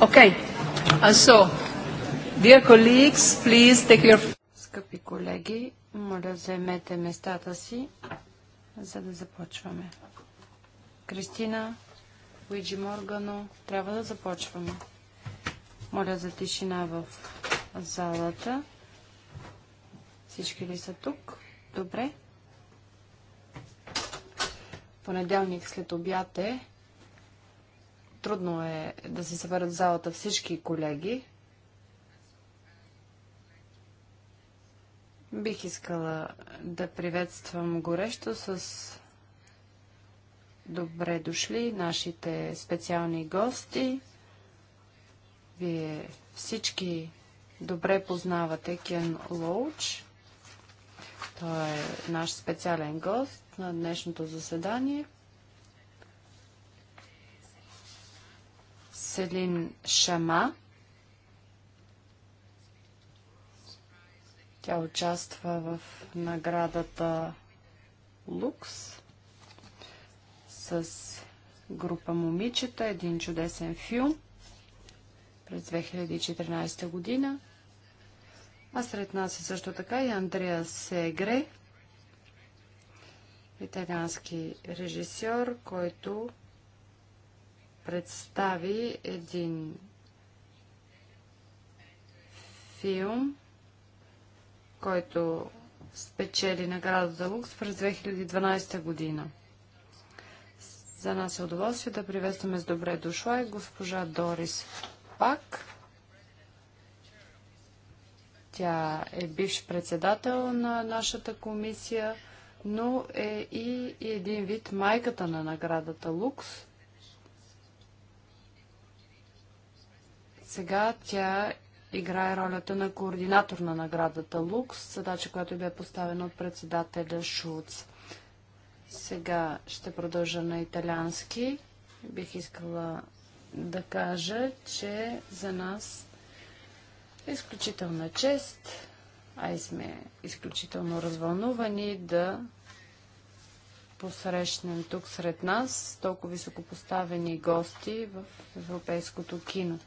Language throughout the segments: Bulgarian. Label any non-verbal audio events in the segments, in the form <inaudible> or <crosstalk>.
Okay. And uh, so, dear colleagues, please take your... Скъпи колеги, моля вземете местата си, за да започваме. Кристина, Уиджи Моргано, трябва да започваме. Моля за тишина в залата. Всички ли са тук? Добре. Понеделник след обяд е Трудно е да се съберат в залата всички колеги. Бих искала да приветствам горещо с добре дошли нашите специални гости. Вие всички добре познавате Кен Лоуч. Той е наш специален гост на днешното заседание – Селин Шама. Тя участва в наградата Лукс с група Момичета, един чудесен филм през 2014 година. А сред нас е също така и Андреа Сегре, италиански режисьор, който представи един филм, който спечели награда за Лукс през 2012 година. За нас е удоволствие да приветстваме с добре дошла и госпожа Дорис Пак. Тя е бивш председател на нашата комисия, но е и един вид майката на наградата Лукс – Сега тя играе ролята на координатор на наградата Лукс, задача, която бе поставена от председателя Шуц. Сега ще продължа на италиански. Бих искала да кажа, че за нас е изключителна чест, а и сме изключително развълнувани да посрещнем тук сред нас толкова високопоставени гости в европейското кино.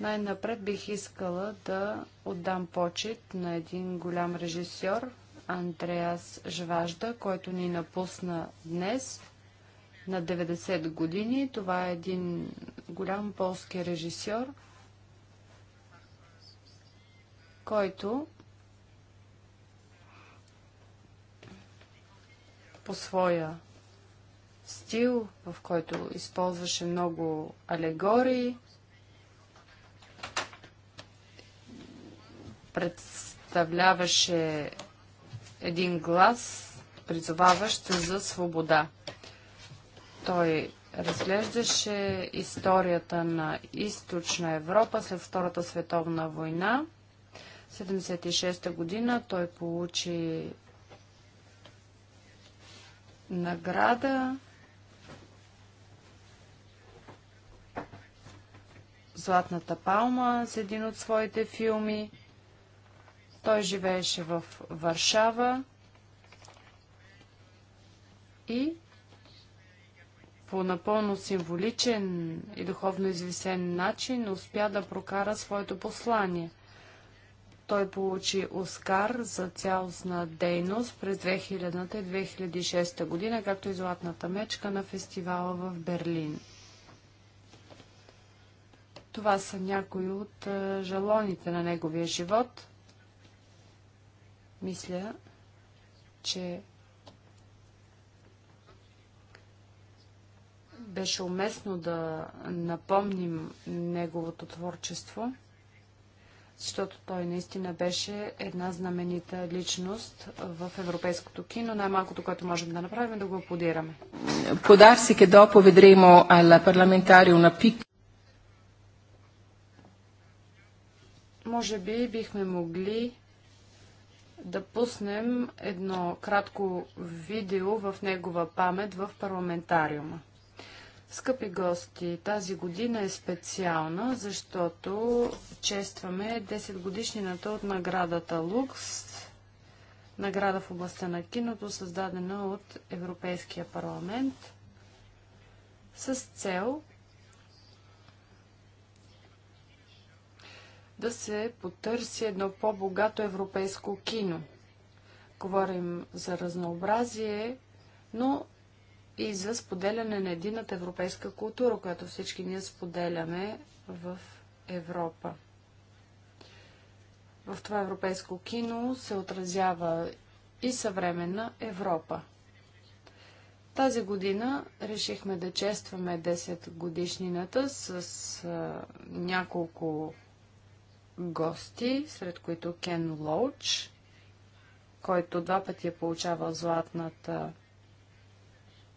Най-напред бих искала да отдам почет на един голям режисьор, Андреас Жважда, който ни напусна днес на 90 години. Това е един голям полски режисьор, който по своя стил, в който използваше много алегории, представляваше един глас, призоваващ за свобода. Той разглеждаше историята на източна Европа след Втората световна война. 1976 година той получи награда Златната палма с един от своите филми. Той живееше в Варшава и по напълно символичен и духовно извисен начин успя да прокара своето послание. Той получи Оскар за цялостна дейност през 2000 и 2006 година, както и Златната мечка на фестивала в Берлин. Това са някои от жалоните на неговия живот – мисля, че беше уместно да напомним неговото творчество, защото той наистина беше една знаменита личност в европейското кино. Най-малкото, което можем да направим е да го аплодираме. Подарси che dopo vedremo парламентарио на пик. може би бихме могли да пуснем едно кратко видео в негова памет в парламентариума. Скъпи гости, тази година е специална, защото честваме 10 годишнината от наградата Лукс, награда в областта на киното, създадена от Европейския парламент с цел да се потърси едно по-богато европейско кино. Говорим за разнообразие, но и за споделяне на едината европейска култура, която всички ние споделяме в Европа. В това европейско кино се отразява и съвременна Европа. Тази година решихме да честваме 10 годишнината с а, няколко гости, сред които Кен Лоуч, който два пъти е получавал златната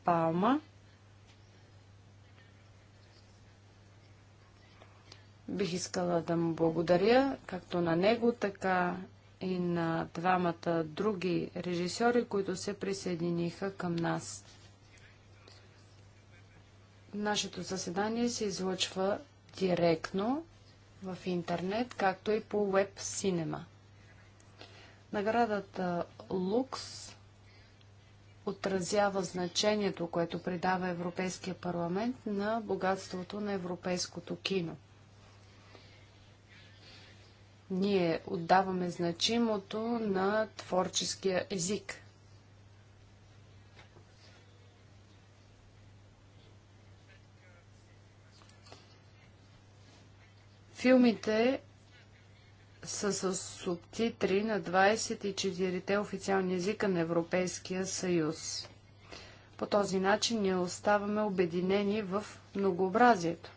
палма. Бих искала да му благодаря, както на него, така и на двамата други режисьори, които се присъединиха към нас. Нашето заседание се излъчва директно в интернет, както и по Web Cinema. Наградата Лукс отразява значението, което придава Европейския парламент на богатството на европейското кино. Ние отдаваме значимото на творческия език – Филмите са с субтитри на 24-те официални езика на Европейския съюз. По този начин ние оставаме обединени в многообразието.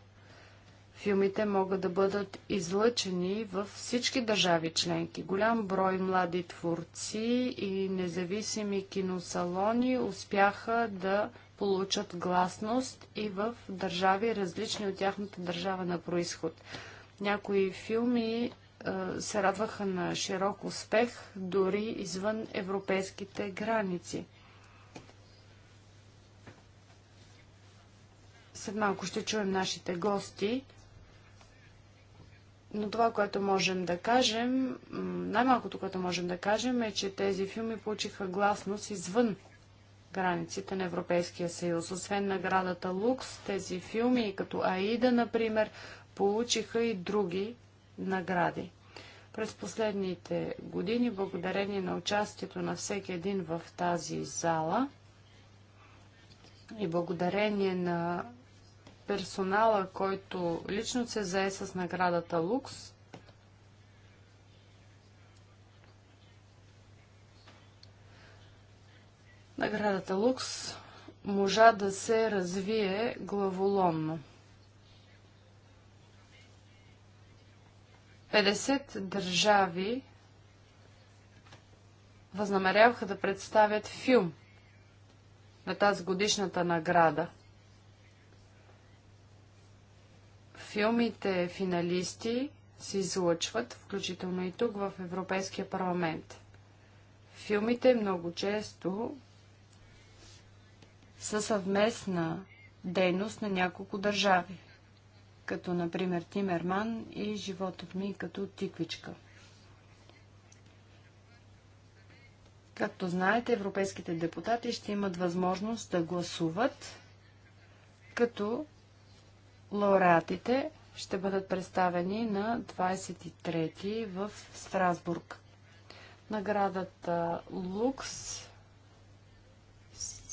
Филмите могат да бъдат излъчени във всички държави членки. Голям брой млади творци и независими киносалони успяха да получат гласност и в държави, различни от тяхната държава на происход. Някои филми се радваха на широк успех дори извън европейските граници. След малко ще чуем нашите гости, но това, което можем да кажем, най-малкото, което можем да кажем е, че тези филми получиха гласност извън границите на Европейския съюз. Освен наградата Лукс, тези филми, като Аида, например, получиха и други награди. През последните години, благодарение на участието на всеки един в тази зала и благодарение на персонала, който лично се зае с наградата Лукс, наградата Лукс можа да се развие главоломно. 50 държави възнамеряваха да представят филм на тази годишната награда. Филмите финалисти се излъчват, включително и тук в Европейския парламент. Филмите много често са съвместна дейност на няколко държави като например Тимерман и животът ми като тиквичка. Както знаете, европейските депутати ще имат възможност да гласуват, като лауреатите ще бъдат представени на 23 в Страсбург. Наградата Лукс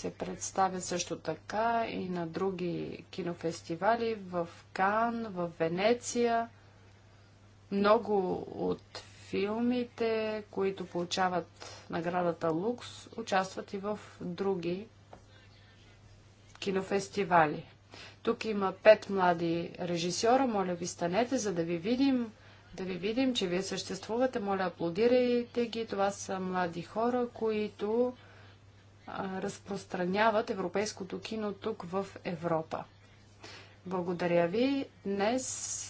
се представя също така и на други кинофестивали в Кан, в Венеция. Много от филмите, които получават наградата Лукс, участват и в други кинофестивали. Тук има пет млади режисьора. Моля ви, станете, за да ви видим, да ви видим, че вие съществувате. Моля, аплодирайте ги. Това са млади хора, които разпространяват европейското кино тук в Европа. Благодаря ви. Днес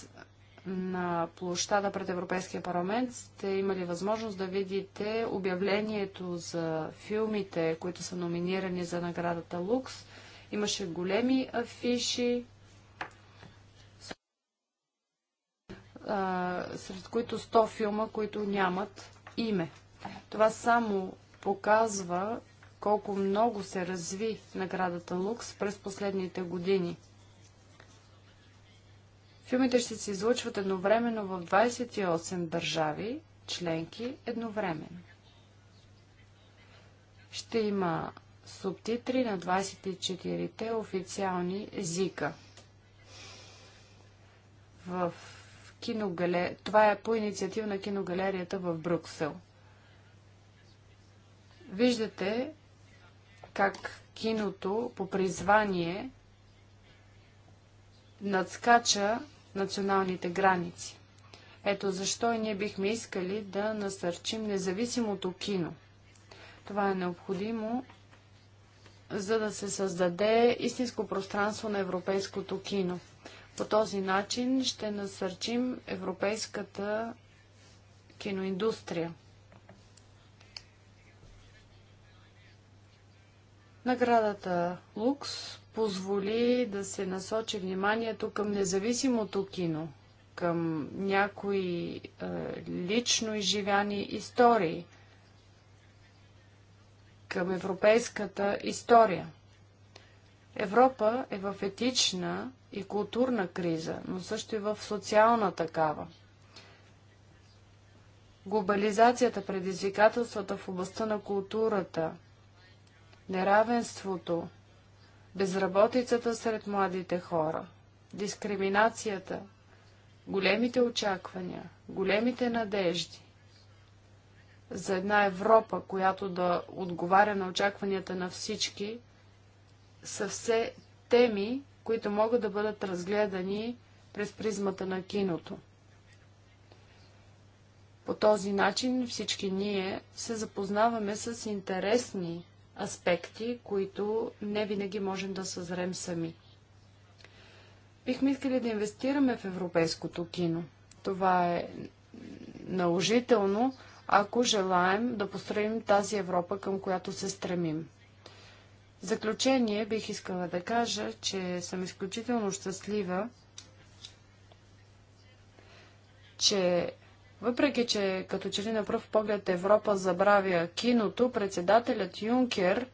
на площада пред Европейския парламент сте имали възможност да видите обявлението за филмите, които са номинирани за наградата Лукс. Имаше големи афиши, сред които 100 филма, които нямат име. Това само показва колко много се разви наградата Лукс през последните години. Филмите ще се излучват едновременно в 28 държави, членки едновременно. Ще има субтитри на 24-те официални езика. В киногале... Това е по инициатива на киногалерията в Брюксел. Виждате как киното по призвание надскача националните граници. Ето защо и ние бихме искали да насърчим независимото кино. Това е необходимо, за да се създаде истинско пространство на европейското кино. По този начин ще насърчим европейската киноиндустрия. Наградата Лукс позволи да се насочи вниманието към независимото кино, към някои е, лично изживяни истории, към европейската история. Европа е в етична и културна криза, но също и в социална такава. Глобализацията, предизвикателствата в областта на културата – неравенството, безработицата сред младите хора, дискриминацията, големите очаквания, големите надежди за една Европа, която да отговаря на очакванията на всички, са все теми, които могат да бъдат разгледани през призмата на киното. По този начин всички ние се запознаваме с интересни аспекти, които не винаги можем да съзрем сами. Бихме искали да инвестираме в европейското кино. Това е наложително, ако желаем да построим тази Европа, към която се стремим. В заключение бих искала да кажа, че съм изключително щастлива, че въпреки, че като че ли на пръв поглед Европа забравя киното, председателят Юнкер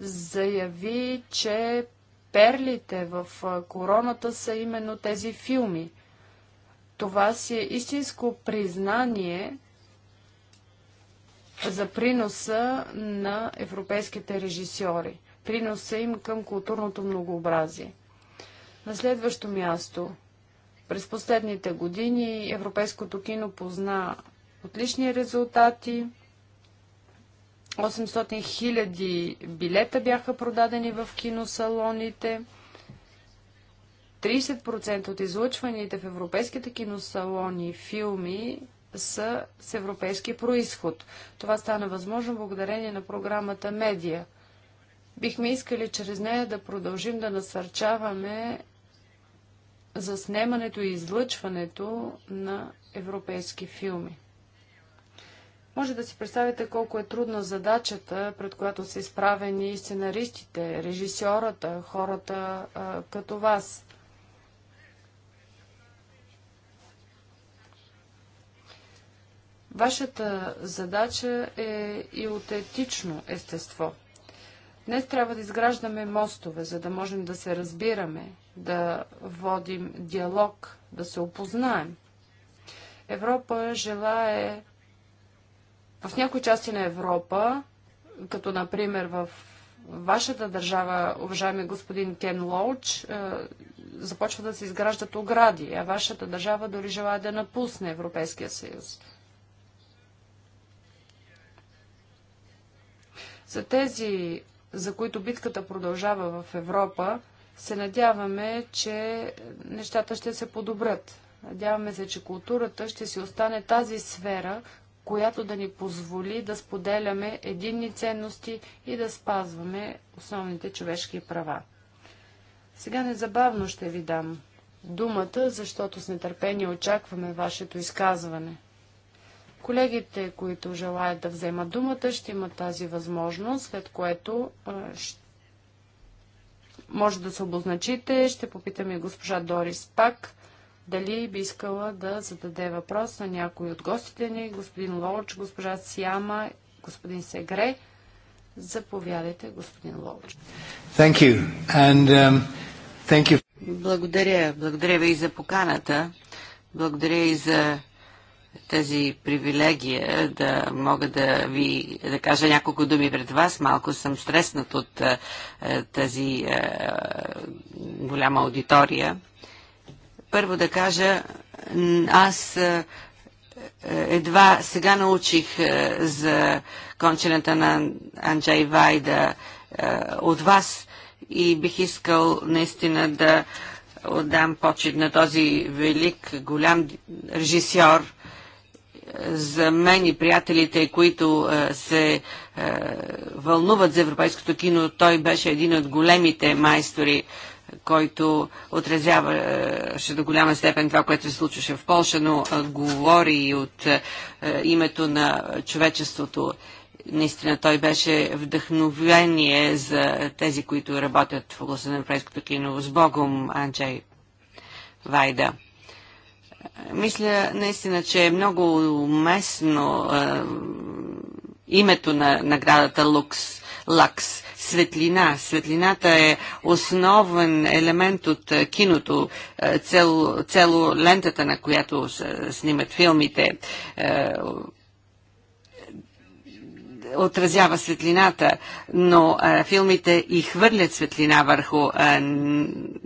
заяви, че перлите в короната са именно тези филми. Това си е истинско признание за приноса на европейските режисьори, приноса им към културното многообразие. На следващо място – през последните години европейското кино позна отлични резултати. 800 хиляди билета бяха продадени в киносалоните. 30% от излъчваните в европейските киносалони филми са с европейски происход. Това стана възможно благодарение на програмата Медия. Бихме искали чрез нея да продължим да насърчаваме за снимането и излъчването на европейски филми. Може да си представите колко е трудна задачата, пред която са изправени сценаристите, режисьората, хората а, като вас. Вашата задача е и от етично естество – Днес трябва да изграждаме мостове, за да можем да се разбираме, да водим диалог, да се опознаем. Европа желае в някои части на Европа, като например в вашата държава, уважаеми господин Кен Лоуч, е, започва да се изграждат огради, а вашата държава дори желая да напусне Европейския съюз. За тези за които битката продължава в Европа, се надяваме, че нещата ще се подобрят. Надяваме се, че културата ще си остане тази сфера, която да ни позволи да споделяме единни ценности и да спазваме основните човешки права. Сега незабавно ще ви дам думата, защото с нетърпение очакваме вашето изказване. Колегите, които желаят да вземат думата, ще имат тази възможност, след което може да се обозначите. Ще попитаме госпожа Дорис пак дали би искала да зададе въпрос на някой от гостите ни, господин Лолч, госпожа Сиама, господин Сегре. Заповядайте, господин Лолч. Thank you. And, um, thank you. Благодаря. Благодаря ви и за поканата. Благодаря и за тази привилегия да мога да ви да кажа няколко думи пред вас. Малко съм стреснат от е, е, тази е, голяма аудитория. Първо да кажа, аз едва сега научих за кончената на Анджай Вайда от вас и бих искал наистина да отдам почет на този велик, голям режисьор, за мен и приятелите, които се вълнуват за европейското кино, той беше един от големите майстори, който отразяваше до голяма степен това, което се случваше в Польша, но говори и от името на човечеството. Наистина той беше вдъхновение за тези, които работят в областта на европейското кино. С Богом, Анджей Вайда. Мисля наистина, че е много уместно е, името на наградата Лукс. Лакс. Светлина. Светлината е основен елемент от киното, цел, цело лентата, на която снимат филмите. Е, отразява светлината, но а, филмите и хвърлят светлина върху а,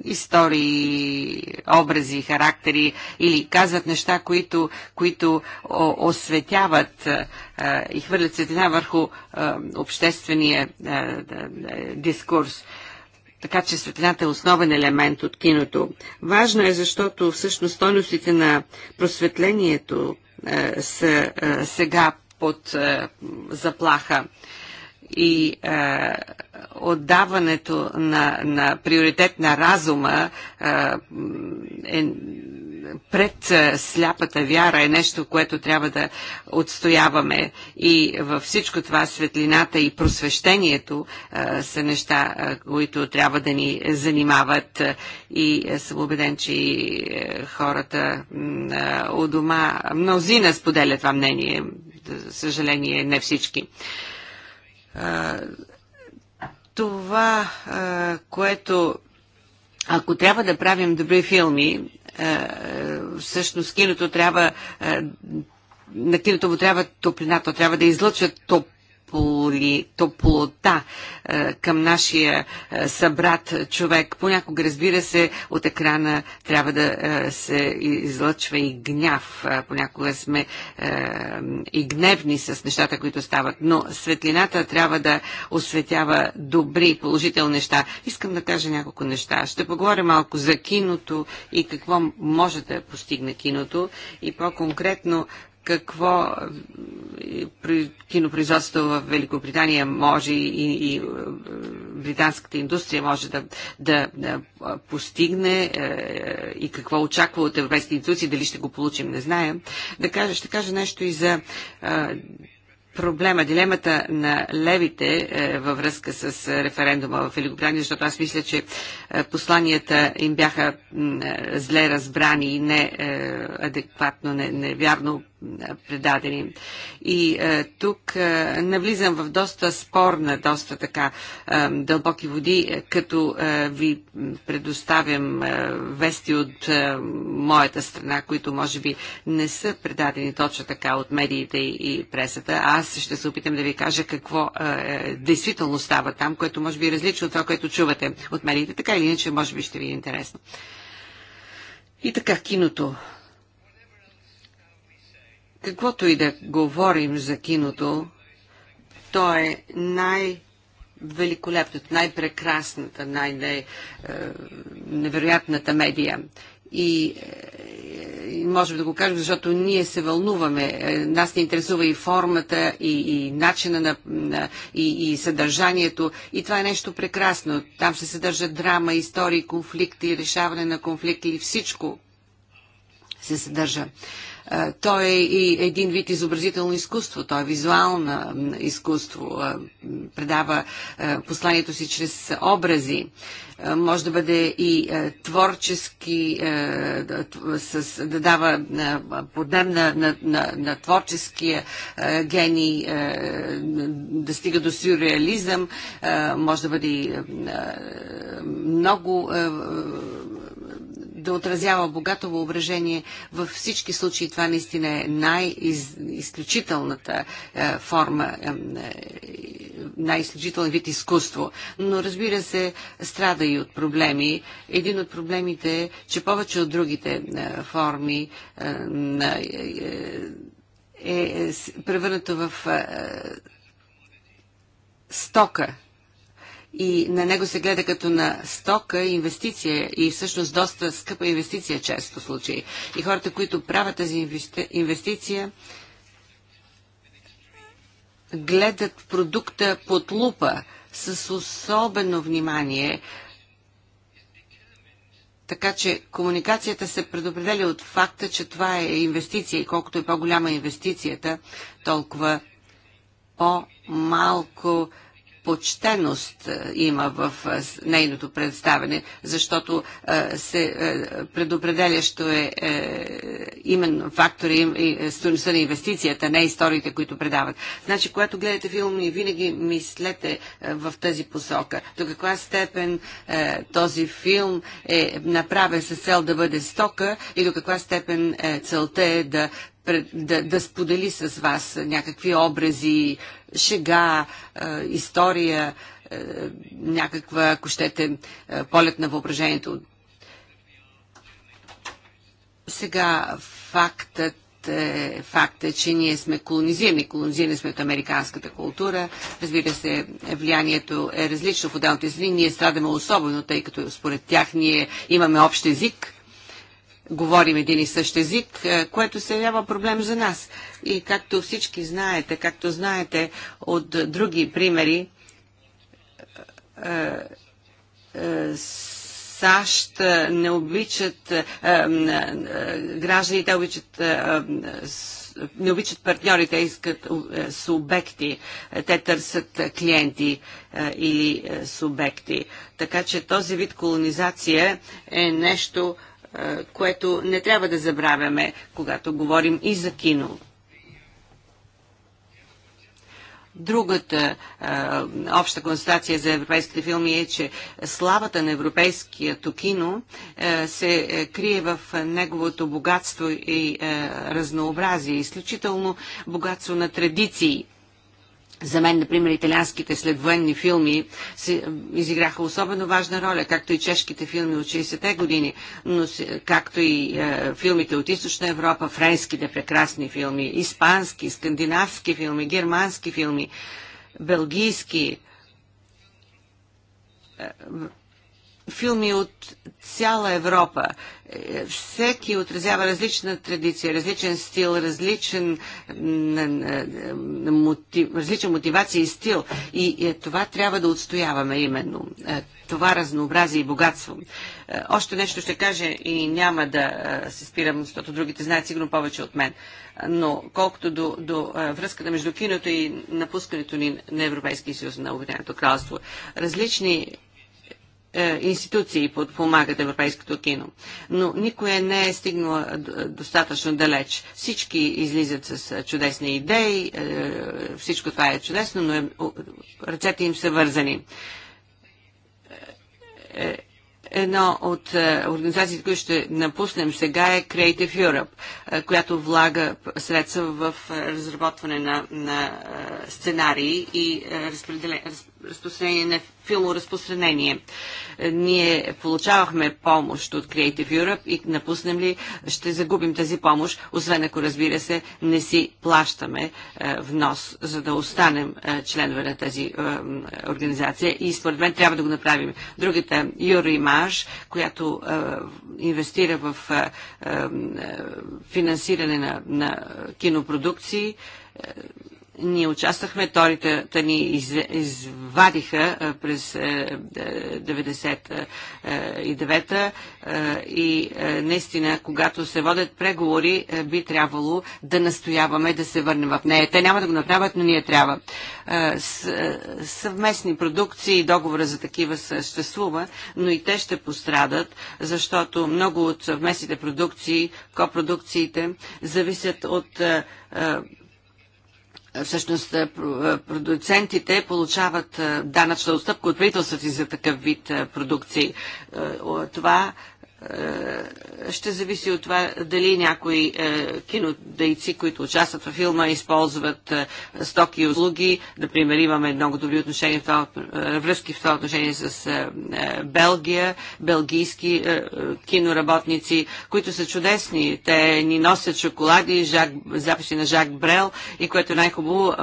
истории, образи, характери или казват неща, които, които осветяват а, и хвърлят светлина върху а, обществения а, дискурс. Така че светлината е основен елемент от киното. Важно е, защото всъщност стойностите на просветлението, са сега под е, заплаха и е, отдаването на, на приоритет на разума е, е, пред е, сляпата вяра е нещо, което трябва да отстояваме. И във всичко това светлината и просвещението е, са неща, е, които трябва да ни занимават. И е, съм убеден, че и, е, хората е, у дома, мнозина споделят това мнение съжаление не всички. Това, което ако трябва да правим добри филми, всъщност киното трябва на киното му трябва топлина, то трябва да излъчва топ тополи, топлота е, към нашия е, събрат човек. Понякога, разбира се, от екрана трябва да е, се излъчва и гняв. Е, понякога сме е, и гневни с нещата, които стават. Но светлината трябва да осветява добри, положителни неща. Искам да кажа няколко неща. Ще поговоря малко за киното и какво може да постигне киното и по-конкретно какво е, при кинопроизводството в Великобритания може и, и е, британската индустрия може да, да, да постигне е, и какво очаква от европейските институции, дали ще го получим, не знаем. Да кажа, ще кажа нещо и за проблема, дилемата на левите е, във връзка с референдума в Великобритания, защото аз мисля, че е, посланията им бяха е, зле разбрани и неадекватно, не, невярно предадени. И е, тук е, навлизам в доста спорна, доста така е, дълбоки води, е, като е, ви предоставям е, вести от е, моята страна, които може би не са предадени точно така от медиите и, и пресата. Аз ще се опитам да ви кажа какво е, е, действително става там, което може би е различно от това, което чувате от медиите. Така или иначе, може би ще ви е интересно. И така, киното. Каквото и да говорим за киното, то е най- великолепната, най-прекрасната, най-невероятната медия. И, е, и можем да го кажем, защото ние се вълнуваме. Е, нас ни интересува и формата, и, и начина на, на и, и съдържанието. И това е нещо прекрасно. Там се съдържа драма, истории, конфликти, решаване на конфликти и всичко се съдържа. Uh, той е и един вид изобразително изкуство, той е визуално изкуство, предава посланието си чрез образи. Може да бъде и творчески, да дава поднем на, на, на, на творческия гений, да стига до сюрреализъм. Може да бъде много да отразява богато въображение. Във всички случаи това наистина е най-изключителната е, форма, е, е, най-изключителен вид изкуство. Но разбира се, страда и от проблеми. Един от проблемите е, че повече от другите форми на е превърнато в стока и на него се гледа като на стока инвестиция и всъщност доста скъпа инвестиция често случаи. И хората, които правят тази инвестиция, гледат продукта под лупа с особено внимание, така че комуникацията се предопределя от факта, че това е инвестиция и колкото е по-голяма инвестицията, толкова по-малко почтеност е, има в е, нейното представене, защото е, се предопределящо е именно фактори и стоеността на инвестицията, не историите, които предават. Значи, когато гледате филми, винаги мислете в тази посока. До каква степен този филм е направен с цел да бъде стока и до каква степен целта е да да, да сподели с вас някакви образи, шега, история, някаква, ако щете, полет на въображението. Сега фактът е, факт е, че ние сме колонизирани. Колонизирани сме от американската култура. Разбира се, влиянието е различно в отделните страни. Ние страдаме особено, тъй като според тях ние имаме общ език говорим един и същ език, е, което се явява проблем за нас. И както всички знаете, както знаете от други примери, е, е, САЩ не обичат, гражданите обичат не обичат партньорите, искат субекти. Те търсят клиенти или субекти. Така че този вид колонизация е нещо, което не трябва да забравяме, когато говорим и за кино. Другата обща констатация за европейските филми е, че славата на европейското кино се крие в неговото богатство и разнообразие, изключително богатство на традиции. За мен, например, италианските следвоенни филми си, изиграха особено важна роля, както и чешките филми от 60-те години, но както и е, филмите от Източна Европа, френските прекрасни филми, испански, скандинавски филми, германски филми, белгийски. Е, филми от цяла Европа. Е, всеки отразява различна традиция, различен стил, различен, мотив, различен мотивация и стил. И, и е, това трябва да отстояваме именно. Е, това разнообразие и богатство. Още нещо ще кажа и няма да се спирам, защото другите знаят сигурно повече от мен. Но колкото до, до връзката между киното и напускането ни на Европейския съюз на Обединеното кралство, различни е, институции подпомагат европейското кино. Но никоя не е стигнала достатъчно далеч. Всички излизат с е, чудесни идеи, е, всичко това е чудесно, но ръцете им са вързани. Едно от организациите, които ще напуснем сега е Creative Europe, която влага средства в разработване на, на сценарии и разпределение разпространение на разпространение. Е, ние получавахме помощ от Creative Europe и напуснем ли, ще загубим тази помощ, освен ако разбира се не си плащаме е, внос, за да останем е, членове на тази е, организация и според мен трябва да го направим. Другата, Юримаж, която е, инвестира в е, финансиране на, на кинопродукции, ние участвахме, торите ни из, извадиха през 99-та е, е, е, и наистина, когато се водят преговори, би трябвало да настояваме да се върнем в нея. Те няма да го направят, но ние трябва. Съвместни продукции и договора за такива съществува, но и те ще пострадат, защото много от съвместните продукции, копродукциите, зависят от всъщност е, е, продуцентите получават е, данъчна отстъпка от правителството си за такъв вид продукции. Това е, ще зависи от това дали някои е, кинодейци, които участват във филма, използват е, стоки и услуги. Например, имаме много добри отношения, в това, връзки в това отношение с Белгия, белгийски киноработници, които са чудесни. Те ни носят шоколади, Жак, записи на Жак Брел и което най-хубаво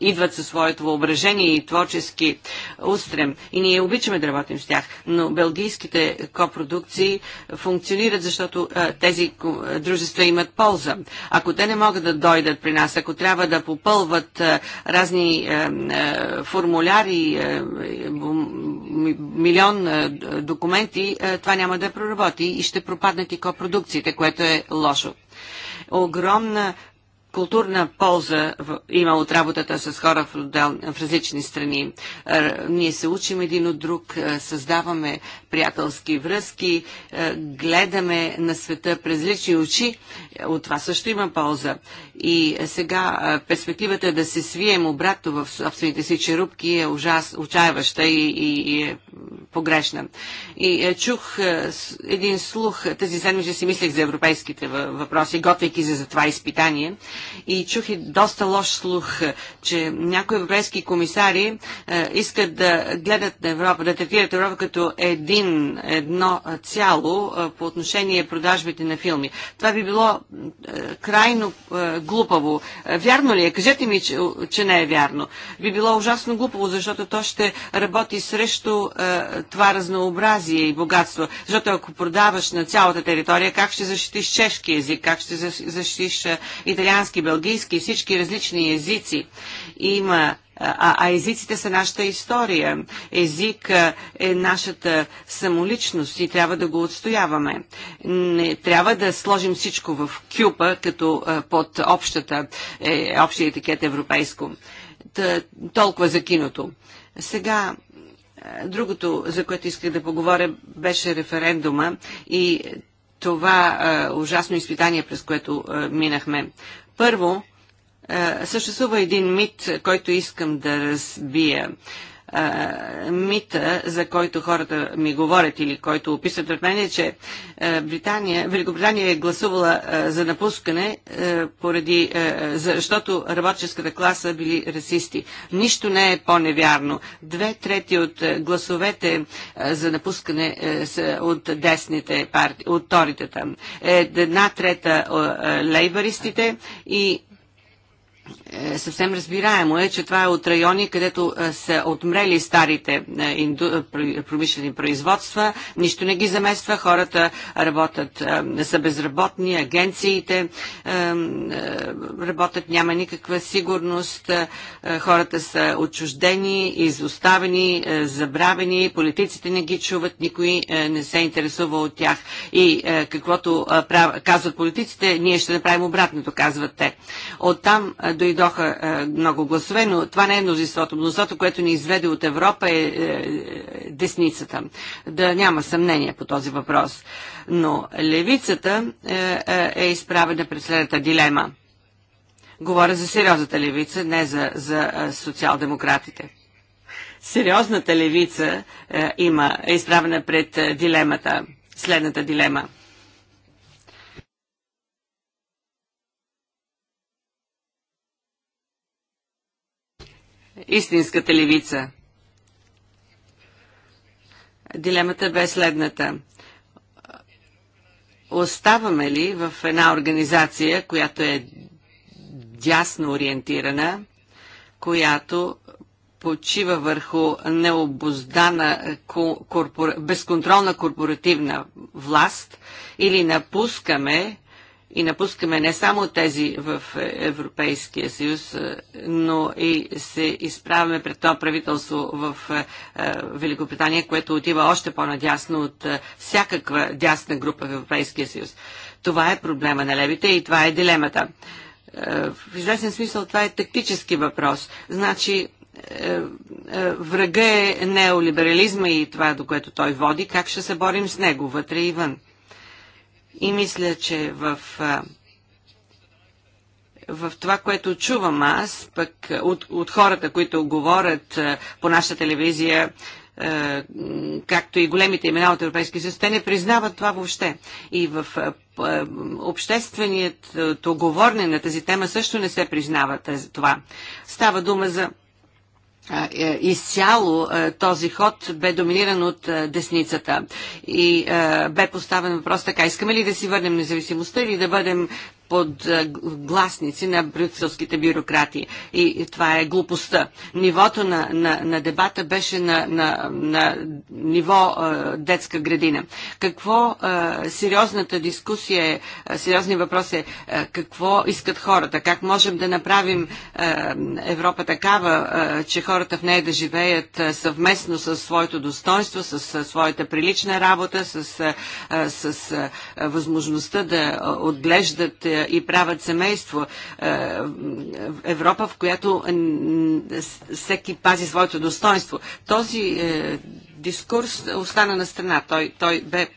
идват със своето въображение и творчески устрем. И ние обичаме да работим с тях, но белгийските копродукции продукции функционират, защото тези дружества имат полза. Ако те не могат да дойдат при нас, ако трябва да попълват разни формуляри, милион документи, това няма да проработи и ще пропаднат и копродукциите, което е лошо огромна културна полза има от работата с хора в, отдел, в различни страни. Ние се учим един от друг, е, създаваме приятелски връзки, е, гледаме на света през лични очи. От това също има полза. И сега е, перспективата да се свием обратно в собствените си черупки е ужас, отчаяваща и, и, и е погрешна. И е, чух е, един слух, тази седмица си мислех за европейските въпроси, готвейки се за това изпитание. И чух и доста лош слух, е, че някои европейски комисари искат да гледат на Европа, да третират Европа като един, едно цяло по отношение продажбите на филми. Това би било крайно глупаво. Вярно ли е? Кажете ми, че, че не е вярно. Би било ужасно глупаво, защото то ще работи срещу това разнообразие и богатство. Защото ако продаваш на цялата територия, как ще защитиш чешки език, как ще защитиш италиански, белгийски, всички различни езици. Има а, а езиците са нашата история. Език е нашата самоличност и трябва да го отстояваме. Не трябва да сложим всичко в кюпа, като под общата, е, общия етикет европейско. толкова за киното. Сега Другото, за което исках да поговоря, беше референдума и това е, ужасно изпитание, през което е, минахме. Първо, е, съществува един мит, който искам да разбия. Е, мита, за който хората ми говорят или който описват пред мен е, че Британия, Великобритания е гласувала за напускане, поради, защото работническата класа били расисти. Нищо не е по-невярно. Две трети от гласовете за напускане са от десните партии, от торите там. Една трета лейбаристите и е, съвсем разбираемо е, че това е от райони, където е, са отмрели старите е, промишлени производства, нищо не ги замества, хората работят, са безработни, агенциите работят, няма никаква сигурност, хората са отчуждени, изоставени, забравени, политиците не ги чуват, никой не се интересува от тях. И каквото казват политиците, ние ще направим обратното, казват те. Оттам дойде дойдоха е, много гласове, но това не е мнозинството. Мнозинството, което ни изведе от Европа е, е, е десницата. Да няма съмнение по този въпрос. Но левицата е, е, е изправена пред следната дилема. Говоря за сериозната левица, не за, за социал-демократите. Сериозната левица е, има, е изправена пред дилемата, следната дилема – истинската левица. Дилемата бе следната. Оставаме ли в една организация, която е дясно ориентирана, която почива върху необоздана корпор... безконтролна корпоративна власт или напускаме и напускаме не само тези в Европейския съюз, но и се изправяме пред това правителство в Великобритания, което отива още по-надясно от всякаква дясна група в Европейския съюз. Това е проблема на левите и това е дилемата. В известен смисъл това е тактически въпрос. Значи, врага е неолиберализма и това, до което той води, как ще се борим с него, вътре и вън. И мисля, че в, в това, което чувам аз, пък от, от хората, които говорят по нашата телевизия, както и големите имена от Европейския съюз, те не признават това въобще. И в общественият говорене на тази тема също не се признава това. Става дума за е, изцяло е, този ход бе доминиран от е, десницата и бе поставен въпрос така, искаме ли да си върнем независимостта или да бъдем под гласници на брюкселските бюрократи. И, това е глупостта. Нивото на, на, на дебата беше на, на, на ниво а, детска градина. Какво а, сериозната дискусия е, сериозният въпрос е, а, какво искат хората, как можем да направим а, Европа такава, а, че хората в нея да живеят а, съвместно с своето достоинство, с, а, своята прилична работа, с, а, с а, възможността да отглеждат а, и правят семейство. Е, Европа, в която всеки пази своето достоинство. Този е, дискурс остана на страна. Той, той бе е,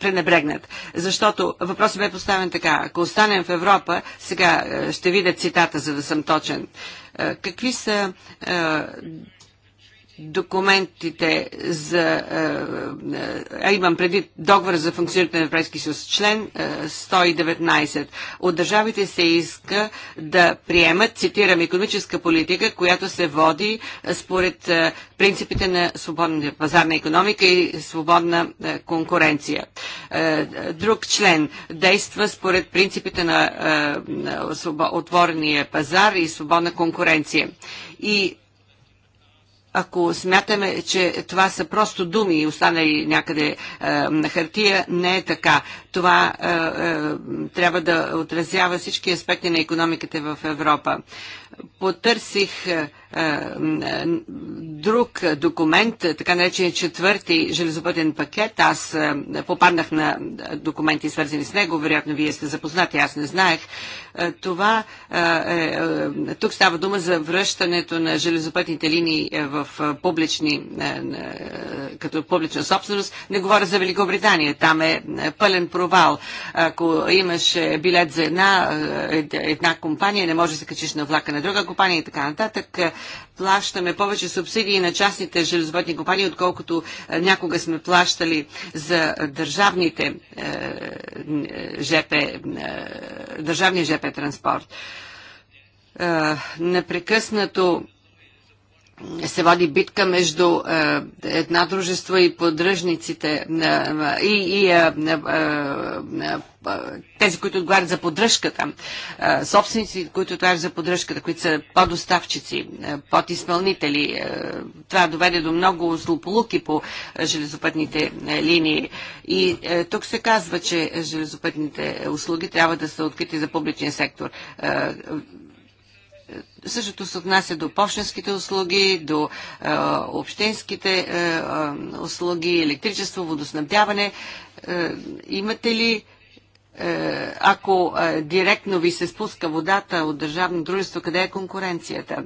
пренебрегнат. Защото въпросът бе поставен така. Ако останем в Европа, сега ще видя цитата, за да съм точен. Какви са документите за... Е, е, а, имам преди договор за функционирането на Европейския съюз, член 119. Е, От държавите се иска да приемат, цитирам, економическа политика, която се води според принципите на свободна пазарна економика и свободна конкуренция. Друг член действа според принципите на отворения пазар и свободна конкуренция. И ако смятаме, че това са просто думи и останали някъде е, на хартия, не е така. Това е, е, трябва да отразява всички аспекти на економиката в Европа. Потърсих е, е, друг документ, така наречен четвърти железопътен пакет. Аз е, попаднах на документи свързани с него, вероятно вие сте запознати, аз не знаех. Е, това, тук става дума за връщането на железопътните линии в публични, като публична собственост. Не говоря за Великобритания, там е пълен провал. Ако имаш билет за една, една компания, не можеш да се качиш на влака на друга компания и така нататък плащаме повече субсидии на частните железопътни компании, отколкото е, някога сме плащали за държавните е, е, ЖП, държавния ЖП транспорт. Непрекъснато се води битка между е, една дружество и поддръжниците е, е, и, и, а, а, тези, които отговарят за поддръжката, собственици, които отговарят за поддръжката, които са подоставчици, подизпълнители. Това доведе до много злополуки по железопътните линии. И тук се казва, че железопътните услуги трябва да са открити за публичен сектор. Същото се отнася до почтенските услуги, до е, общинските е, е, услуги, електричество, водоснабдяване. Е, имате ли, е, ако е, директно ви се спуска водата от държавно дружество, къде е конкуренцията?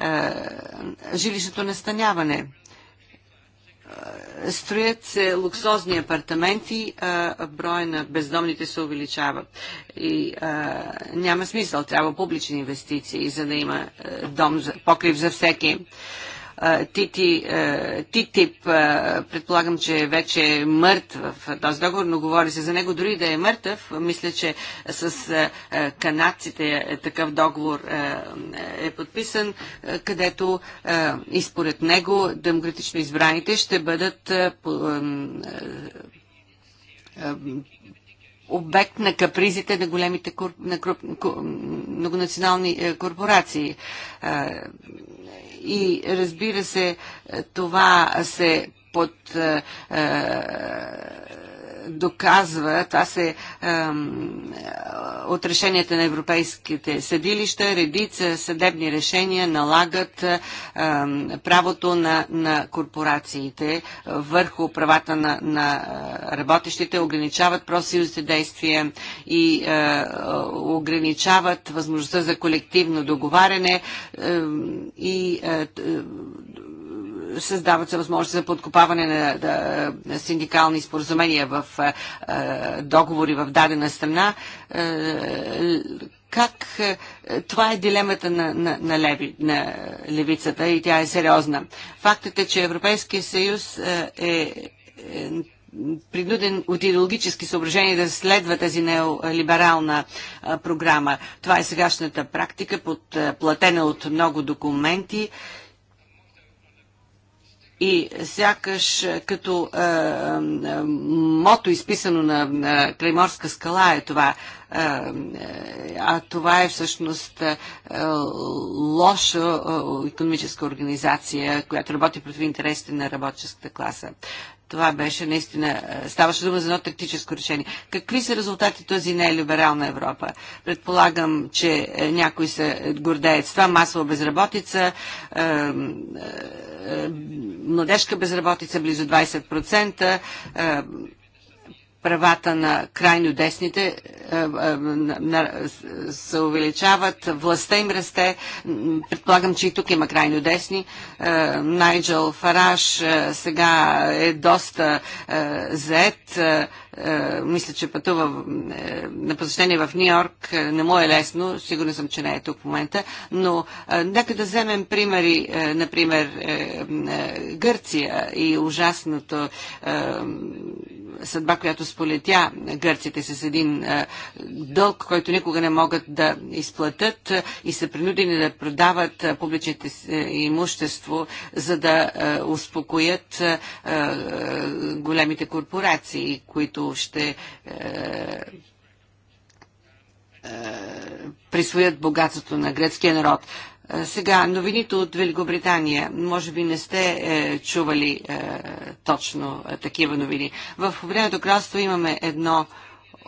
Е, жилищното настаняване е, строят се луксозни апартаменти, а броя на бездомните се увеличава. И а, няма смисъл, трябва публични инвестиции, за да има е, дом, покрив за всеки. А, Тити, ТИТИП, предполагам, че вече е мъртв в този договор, но говори се за него, дори да е мъртъв. Мисля, че с канадците е, е такъв договор е подписан, където и според него демократично избраните ще бъдат обект на капризите на големите кур... на круп... многонационални е, корпорации. Е, и разбира се, това се под е, доказва, това се от решенията на европейските съдилища, редица съдебни решения налагат правото на, на корпорациите върху правата на, на работещите, ограничават просъюзните действия и ограничават възможността за колективно договаряне и създават се възможности за подкопаване на, на, на синдикални споразумения в а, договори в дадена страна. А, как това е дилемата на, на, на, леви, на левицата и тя е сериозна. Фактът е, че Европейския съюз е, е принуден от идеологически съображения да следва тази неолиберална програма. Това е сегашната практика, подплатена от много документи и сякаш е, като е, е, мото изписано на, на Клейморска скала е това. Е, е а това е всъщност е, е лоша е, економическа организация, която работи против интересите на работническата класа. Това беше наистина, е, ставаше дума за едно тактическо решение. Какви са резултати този нелиберална Европа? Предполагам, че е, някои се гордеят с това, масова безработица, е, е, е младежка безработица близо 20%, е, правата на крайно десните е, е, се увеличават, властта им расте. Предполагам, че и тук има крайно десни. Е, Найджел Фараш сега е доста зает. Мисля, че пътува на посещение в Нью Йорк. Не му е лесно. Сигурен съм, че не е тук в момента. Но нека да вземем примери, например, Гърция и ужасното съдба, която сполетя гърците с един е, дълг, който никога не могат да изплатят е, и са принудени да продават е, публичните имущество, за да успокоят големите корпорации, които ще присвоят богатството на гръцкия народ. Сега, новините от Великобритания, може би не сте е, чували е, точно е, такива новини. В Обединеното кралство имаме едно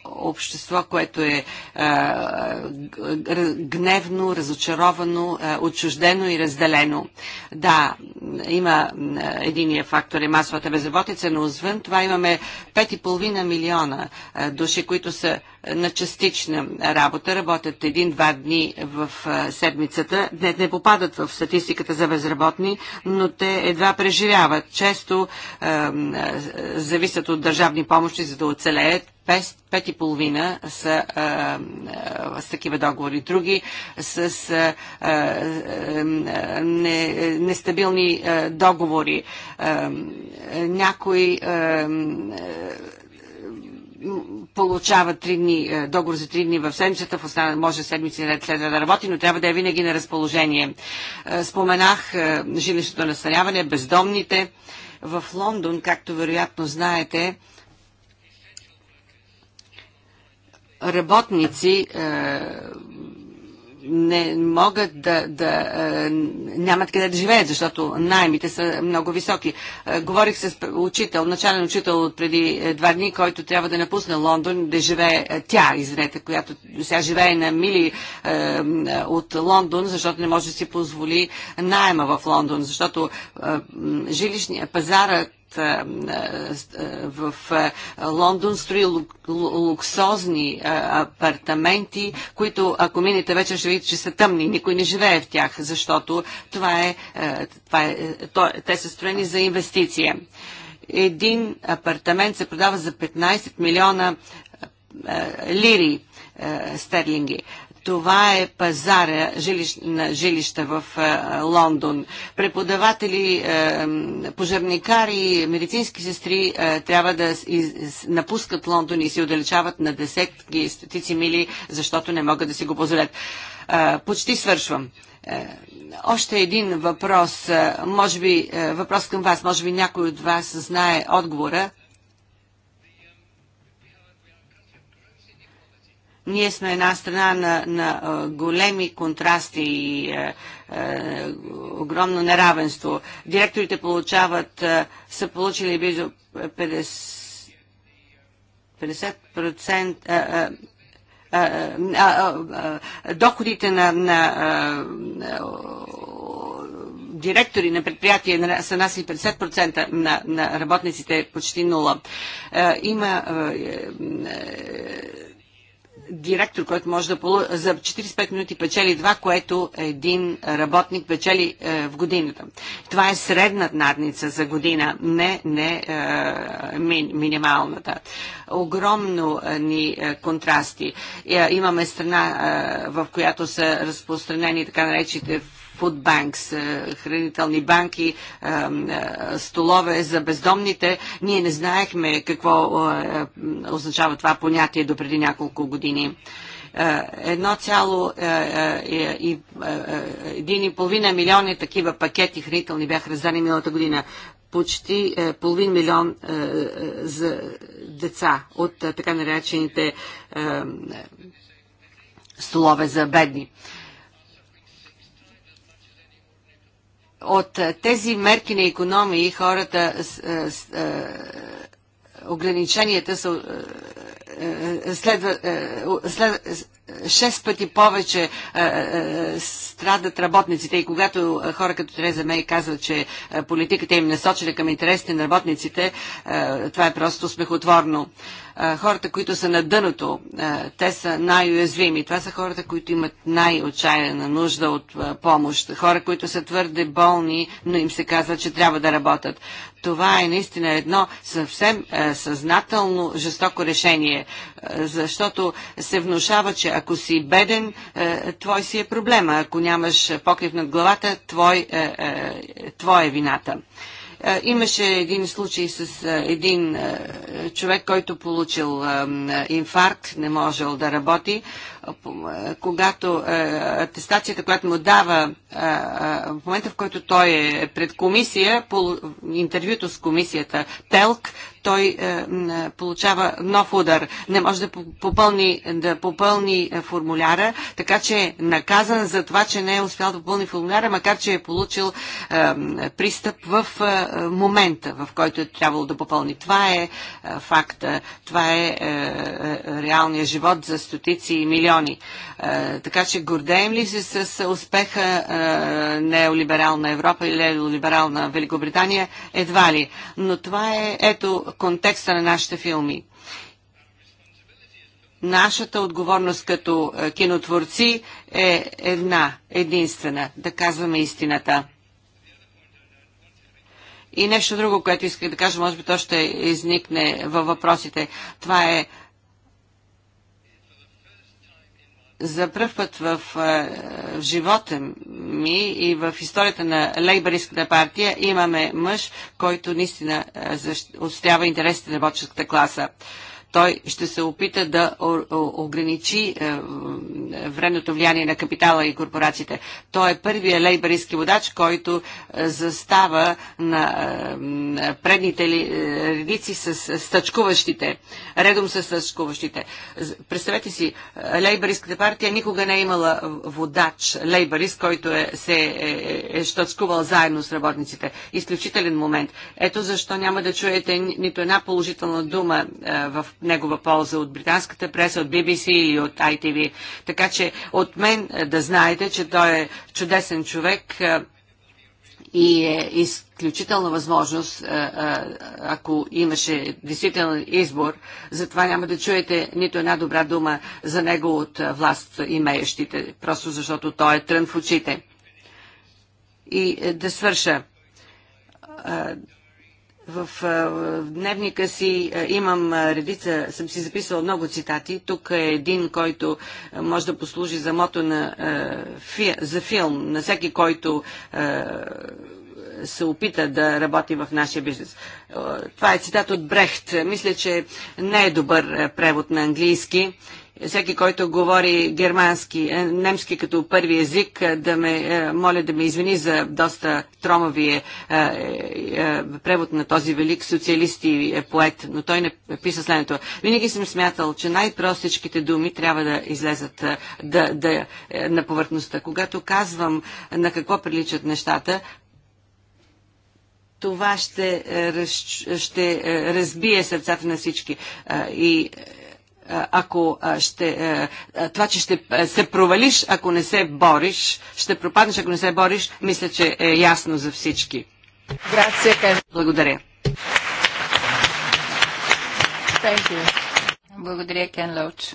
общество, което е гневно, разочаровано, отчуждено и разделено. Да, има единия фактор е масовата безработица, но извън това имаме 5,5 милиона души, които са на частична работа, работят един-два дни в седмицата. Не, не попадат в статистиката за безработни, но те едва преживяват. Често е, зависят от държавни помощи, за да оцелеят пет и половина са с такива договори. Други с а, а, не, нестабилни а, договори. А, а, получава три дни, договор за три дни в седмицата, в останал, може седмици след да работи, но трябва да е винаги на разположение. Споменах жилището настаняване, бездомните. В Лондон, както вероятно знаете, работници е, не могат да, да е, нямат къде да живеят, защото найемите са много високи. Е, говорих с учител, начален учител от преди два дни, който трябва да напусне Лондон, да живее тя, извинете, която сега живее на мили от Лондон, защото не може да си позволи найема в Лондон, защото е, жилищния пазар в Лондон, строи луксозни апартаменти, които ако минете вече ще видите, че са тъмни, никой не живее в тях, защото това е, това е, то, те са строени за инвестиция. Един апартамент се продава за 15 милиона лири стерлинги. Това е пазара жилищ, на жилища в е, Лондон. Преподаватели, е, пожарникари, медицински сестри е, трябва да напускат Лондон и се отдалечават на десетки, стотици мили, защото не могат да си го позволят. Почти свършвам. Още един въпрос, може би въпрос към вас, може би някой от вас знае отговора. Ние сме една страна на, на големи контрасти и е, е, огромно неравенство. Директорите получават, е, са получили близо 50%, доходите на, на, на директори на предприятия са нас и 50% на, на работниците почти нула. Има е, е, директор, който може да полу... за 45 минути печели два, което един работник печели е, в годината. Това е средна надница за година, не, не е, ми, минималната. Огромно е, ни е, контрасти. Е, имаме страна, е, в която са разпространени така наречите food banks, е, хранителни банки, е, е, столове за бездомните. Ние не знаехме какво означава това понятие до преди няколко години. 1,5 милиона такива пакети хранителни бяха раздани миналата година. Почти половин милион за деца от така наречените столове за бедни. от е, тези мерки на економии хората с, е, с, е, ограниченията са следва, след, шест пъти повече страдат работниците и когато хора като Тереза Мей казват, че политиката им насочена към интересите на работниците, това е просто смехотворно хората, които са на дъното, те са най-уязвими. Това са хората, които имат най-отчаяна нужда от помощ. Хора, които са твърде болни, но им се казва, че трябва да работят. Това е наистина едно съвсем съзнателно жестоко решение, защото се внушава, че ако си беден, твой си е проблема. Ако нямаш покрив над главата, твой, твой е вината. Е, имаше един случай с е, един е, човек, който получил инфаркт, не можел да работи когато е, атестацията, която му дава е, е, в момента, в който той е пред комисия, по интервюто с комисията ТЕЛК, той получава нов удар. Не може да попълни, да попълни формуляра, така че е наказан за това, че не е успял да попълни формуляра, макар че е получил пристъп в момента, в който е трябвало да попълни. Това е факта, това е реалният живот за стотици и милиони райони. Е, така че гордеем ли се с успеха е, неолиберална Европа или неолиберална Великобритания? Едва ли. Но това е, ето, контекста на нашите филми нашата отговорност като е, кинотворци е една, единствена, да казваме истината. И нещо друго, което исках да кажа, може би то ще изникне във въпросите. Това е за пръв път в, е, в живота ми и в историята на Лейбористската партия имаме мъж, който наистина е, отстоява интересите на работническата класа. Той ще се опита да ограничи е, времето влияние на капитала и корпорациите. Той е първия лейбаристски водач, който е, застава на е, предните редици с стъчкуващите, редом с стъчкуващите. Представете си, лейбаристската партия никога не е имала водач, лейбарист, който е, се е, е щъцкувал заедно с работниците. Изключителен момент. Ето защо няма да чуете нито една положителна дума в негова полза от британската преса, от BBC и от ITV. Така че от мен е, да знаете, че той е чудесен човек е, и е изключителна възможност, е, ако имаше действителен избор. Затова няма да чуете нито една добра дума за него от власт имеещите, просто защото той е трън в очите. И да свърша в дневника си имам редица, съм си записал много цитати. Тук е един, който може да послужи за мото на, за филм, на всеки, който се опита да работи в нашия бизнес. Това е цитат от Брехт. Мисля, че не е добър превод на английски всеки, който говори германски, е, немски като първи език, е, да ме, е, моля да ме извини за доста тромавия превод на този велик социалист и поет, но той не писа следното. Винаги съм смятал, че най-простичките думи трябва да излезат да, да, на повърхността. Когато казвам на какво приличат нещата, това ще, ще разбие сърцата на всички. И ако ще, това, че ще се провалиш, ако не се бориш, ще пропаднеш, ако не се бориш, мисля, че е ясно за всички. Благодаря. Благодаря, Кен Лоуч.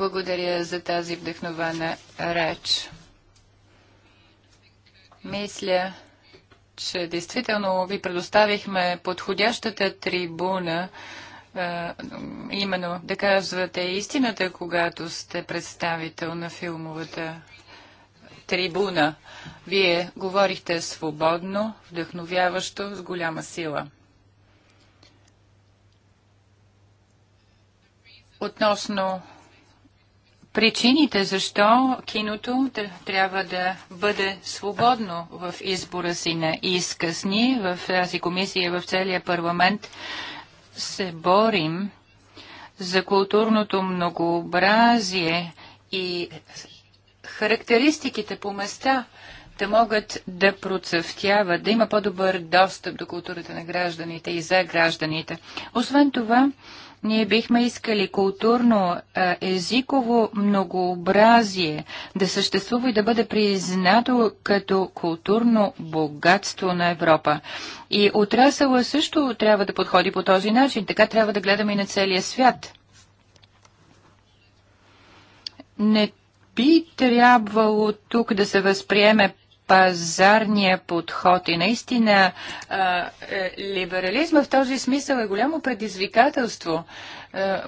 Благодаря за тази вдъхновена реч. Мисля, че действително ви предоставихме подходящата трибуна, е, именно да казвате истината, когато сте представител на филмовата трибуна. Вие говорихте свободно, вдъхновяващо, с голяма сила. Относно причините защо киното трябва да бъде свободно в избора си на изкъсни. В тази комисия, в целия парламент се борим за културното многообразие и характеристиките по места да могат да процъфтяват, да има по-добър достъп до културата на гражданите и за гражданите. Освен това, ние бихме искали културно езиково многообразие да съществува и да бъде признато като културно богатство на Европа. И отрасъла също трябва да подходи по този начин. Така трябва да гледаме и на целия свят. Не би трябвало тук да се възприеме пазарния подход. И наистина а, е, либерализма в този смисъл е голямо предизвикателство. А,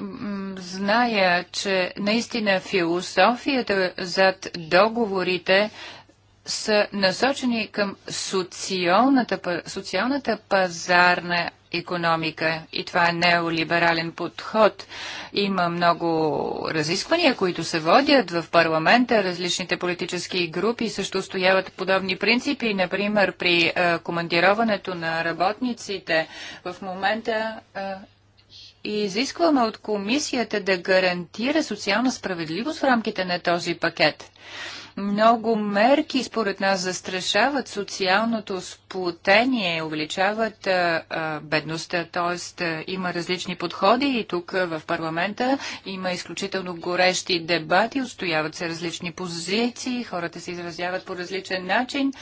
зная, че наистина философията зад договорите са насочени към социалната, социалната пазарна економика и това е неолиберален подход. Има много разисквания, които се водят в парламента. Различните политически групи също стояват подобни принципи. Например, при е, командироването на работниците в момента е, и изискваме от комисията да гарантира социална справедливост в рамките на този пакет. Много мерки, според нас, застрашават социалното сплутение, увеличават а, бедността, т.е. има различни подходи и тук в парламента има изключително горещи дебати, устояват се различни позиции, хората се изразяват по различен начин.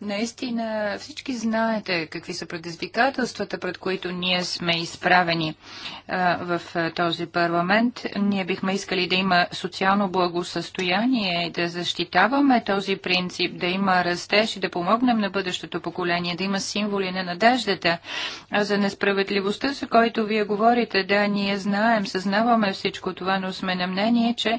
Наистина всички знаете какви са предизвикателствата, пред които ние сме изправени а, в този парламент. Ние бихме искали да има социално благосъстояние и да защитаваме уважаваме този принцип, да има растеж и да помогнем на бъдещото поколение, да има символи на надеждата. А за несправедливостта, за който вие говорите, да, ние знаем, съзнаваме всичко това, но сме на мнение, че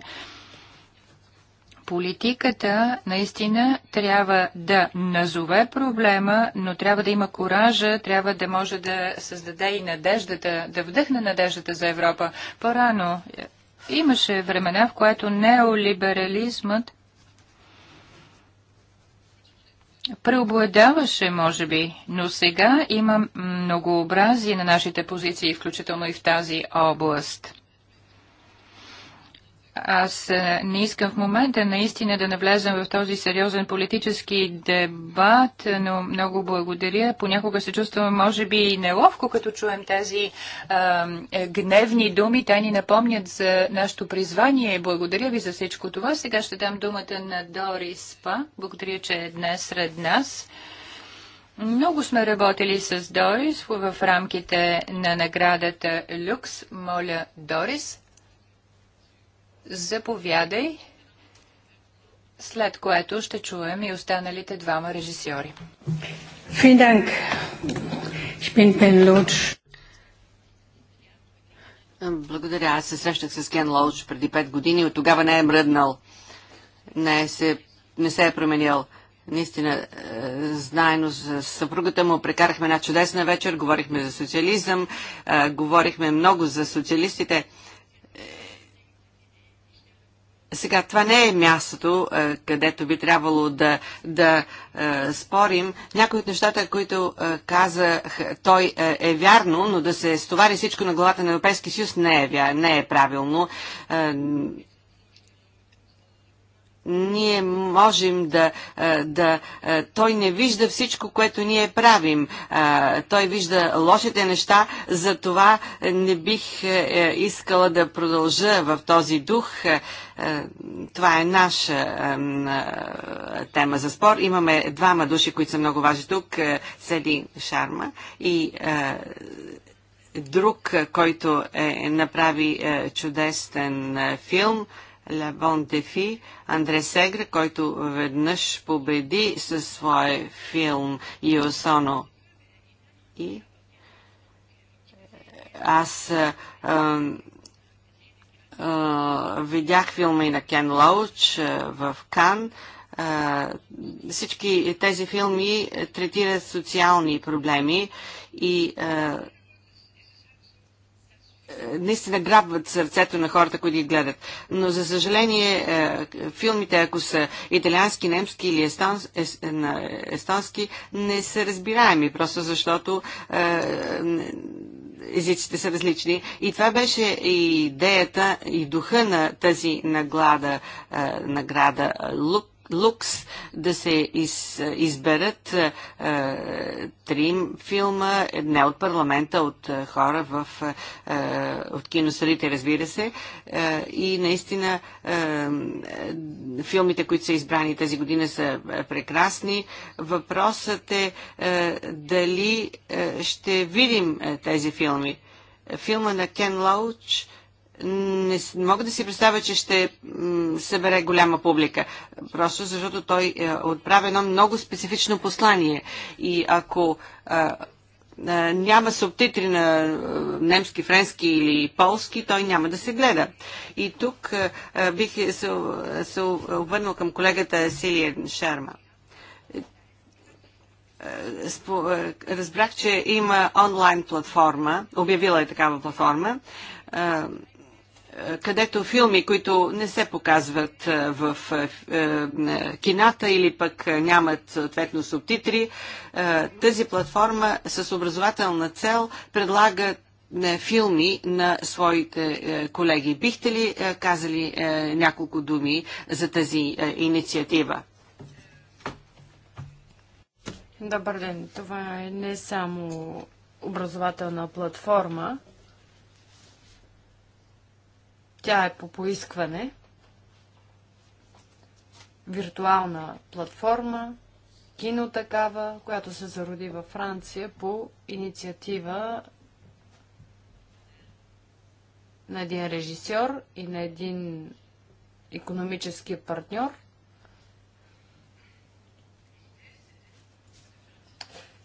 политиката наистина трябва да назове проблема, но трябва да има коража, трябва да може да създаде и надеждата, да вдъхне надеждата за Европа. По-рано имаше времена, в което неолиберализмът преобладаваше, може би, но сега има многообразие на нашите позиции, включително и в тази област. Аз е, не искам в момента наистина да навлезам в този сериозен политически дебат, но много благодаря. Понякога се чувствам, може би, неловко, като чуем тези а, е, гневни думи. Те ни напомнят за нашето призвание. Благодаря ви за всичко това. Сега ще дам думата на Дори Спа. Благодаря, че е днес сред нас. Много сме работили с Дорис в рамките на наградата Люкс. Моля, Дорис, Заповядай, след което ще чуем и останалите двама режисьори. Благодаря. Аз се срещах с Кен Лоуч преди 5 години. От тогава не е мръднал. Не, се, не се е променил. Наистина, е, знаено с съпругата му прекарахме една чудесна вечер, говорихме за социализъм, е, говорихме много за социалистите. Сега, това не е мястото, е, където би трябвало да, да е, спорим. Някои от нещата, които казах, е, каза той е, вярно, но да се стовари всичко на главата на Европейския съюз не е, не е правилно ние можем да, да... Той не вижда всичко, което ние правим. Той вижда лошите неща, затова не бих е, е, искала да продължа в този дух. Е, това е наша тема за спор. Имаме двама души, които са много важни тук. Седи Шарма и друг, който е, направи чудесен филм – Лабон Дефи, Андре Сегре, който веднъж победи със своя филм Йосоно. И е, аз а, а, а, видях филма и на Кен Лоуч е, в Кан. А, е, всички тези филми третират социални проблеми и а, наистина грабват сърцето на хората, които ги гледат. Но, за съжаление, е, филмите, ако са италиански, немски или е, естонски, не са разбираеми, просто защото е, езиците са различни. И това беше и идеята и духа на тази наглада, награда. Лук Лукс да се из, изберат е, три филма, не от парламента, от е, хора в, е, от киносалите, разбира се. Е, и наистина е, филмите, които са избрани тази година са е, прекрасни. Въпросът е, е дали е, ще видим е, тези филми. Филма на Кен Лауч не мога да си представя, че ще събере голяма публика. Просто защото той е, отправя едно много специфично послание. И ако няма субтитри на немски, френски или полски, той няма да се гледа. И тук бих се, се обърнал към колегата Силия Шарма разбрах, че има онлайн платформа, обявила е такава платформа, където филми, които не се показват е, в е, е, кината или пък нямат съответно субтитри, тази платформа с образователна цел предлага филми на своите колеги. Бихте ли казали няколко думи за тази инициатива? Добър ден. Това е не само образователна платформа, тя е по поискване. Виртуална платформа, кино такава, която се зароди във Франция по инициатива на един режисьор и на един економически партньор.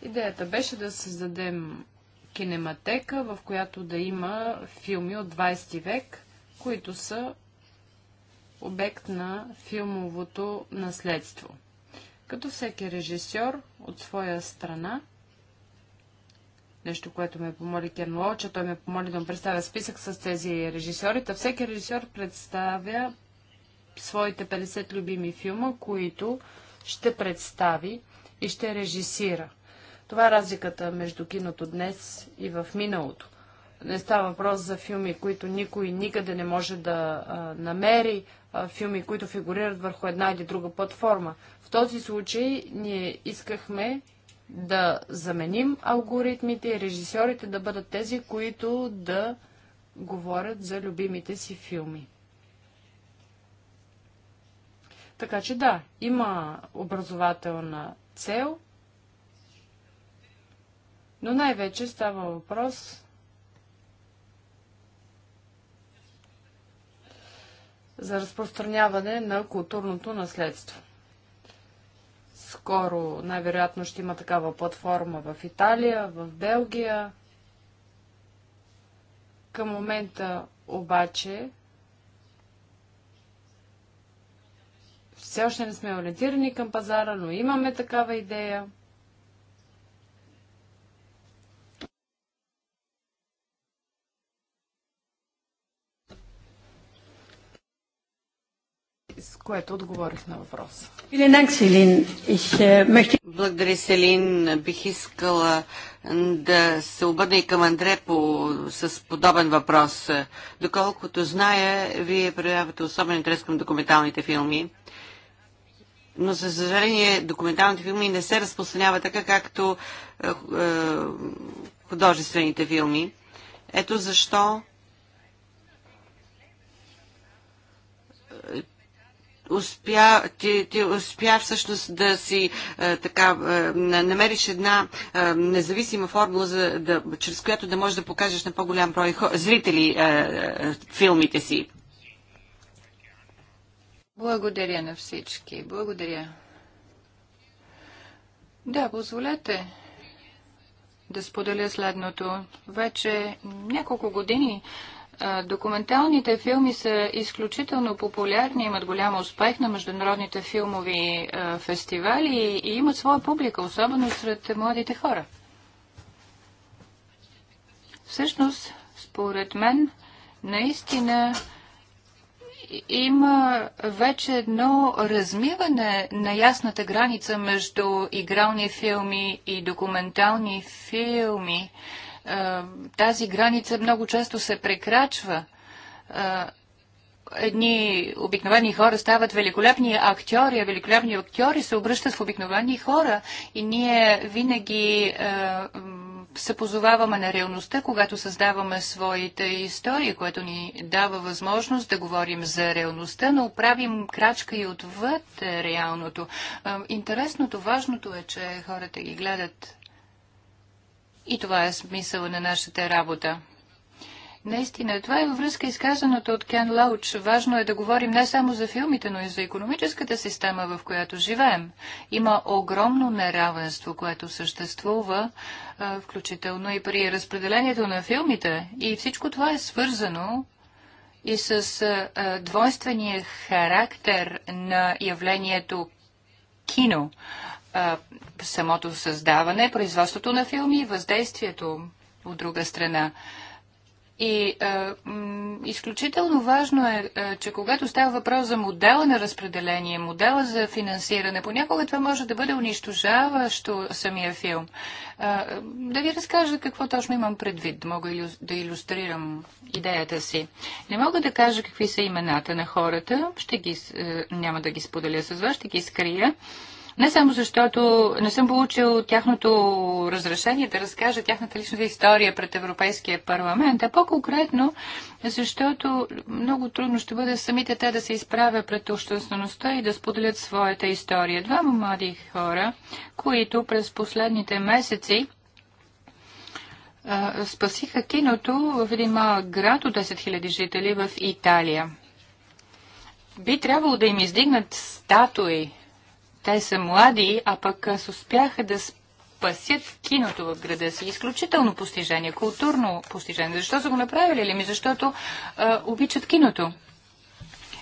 Идеята беше да създадем кинематека, в която да има филми от 20 век, които са обект на филмовото наследство. Като всеки режисьор от своя страна, нещо, което ме помоли Кен Лоуча, той ме помоли да му представя списък с тези режисьори, та всеки режисьор представя своите 50 любими филма, които ще представи и ще режисира. Това е разликата между киното днес и в миналото. Не става въпрос за филми, които никой никъде не може да а, намери, а, филми, които фигурират върху една или друга платформа. В този случай ние искахме да заменим алгоритмите и режисьорите да бъдат тези, които да говорят за любимите си филми. Така че да, има образователна цел, но най-вече става въпрос за разпространяване на културното наследство. Скоро най-вероятно ще има такава платформа в Италия, в Белгия. Към момента обаче все още не сме ориентирани към пазара, но имаме такава идея. с което отговорих на въпроса. Äh, Благодаря, Селин. Бих искала да се обърна и към Андре по, с подобен въпрос. Доколкото зная, вие проявявате особен интерес към документалните филми. Но, за съжаление, документалните филми не се разпространяват така, както е, е художествените филми. Ето защо успя, ти, ти успя всъщност да си е, така, е, намериш една е, независима формула, за да, чрез която да можеш да покажеш на по-голям брой зрители филмите си. Благодаря на всички. Благодаря. Да, позволете да споделя следното. Вече няколко години Документалните филми са изключително популярни, имат голям успех на международните филмови фестивали и имат своя публика, особено сред младите хора. Всъщност, според мен, наистина има вече едно размиване на ясната граница между игрални филми и документални филми тази граница много често се прекрачва. Едни обикновени хора стават великолепни актьори, а великолепни актьори се обръщат в обикновени хора. И ние винаги се позоваваме на реалността, когато създаваме своите истории, което ни дава възможност да говорим за реалността, но правим крачка и отвъд реалното. Интересното, важното е, че хората ги гледат и това е смисъл на нашата работа. Наистина, това е във връзка изказаното от Кен Лауч. Важно е да говорим не само за филмите, но и за економическата система, в която живеем. Има огромно неравенство, което съществува, включително и при разпределението на филмите. И всичко това е свързано и с двойствения характер на явлението кино а, самото създаване, производството на филми и въздействието от друга страна. И а, м, изключително важно е, а, че когато става въпрос за модела на разпределение, модела за финансиране, понякога това може да бъде унищожаващо самия филм. А, да ви разкажа какво точно имам предвид, да мога илю... да иллюстрирам идеята си. Не мога да кажа какви са имената на хората, ще ги, а, няма да ги споделя с вас, ще ги скрия. А, не само защото не съм получил тяхното разрешение да разкажа тяхната личната история пред Европейския парламент, а по-конкретно, защото много трудно ще бъде самите те да се изправя пред обществеността и да споделят своята история. Двама млади хора, които през последните месеци а, спасиха киното в един малък град от 10 000 жители в Италия. Би трябвало да им издигнат статуи те са млади, а пък аз успяха да спасят киното в града си. Изключително постижение, културно постижение. Защо са го направили ли ми? Защото а, обичат киното.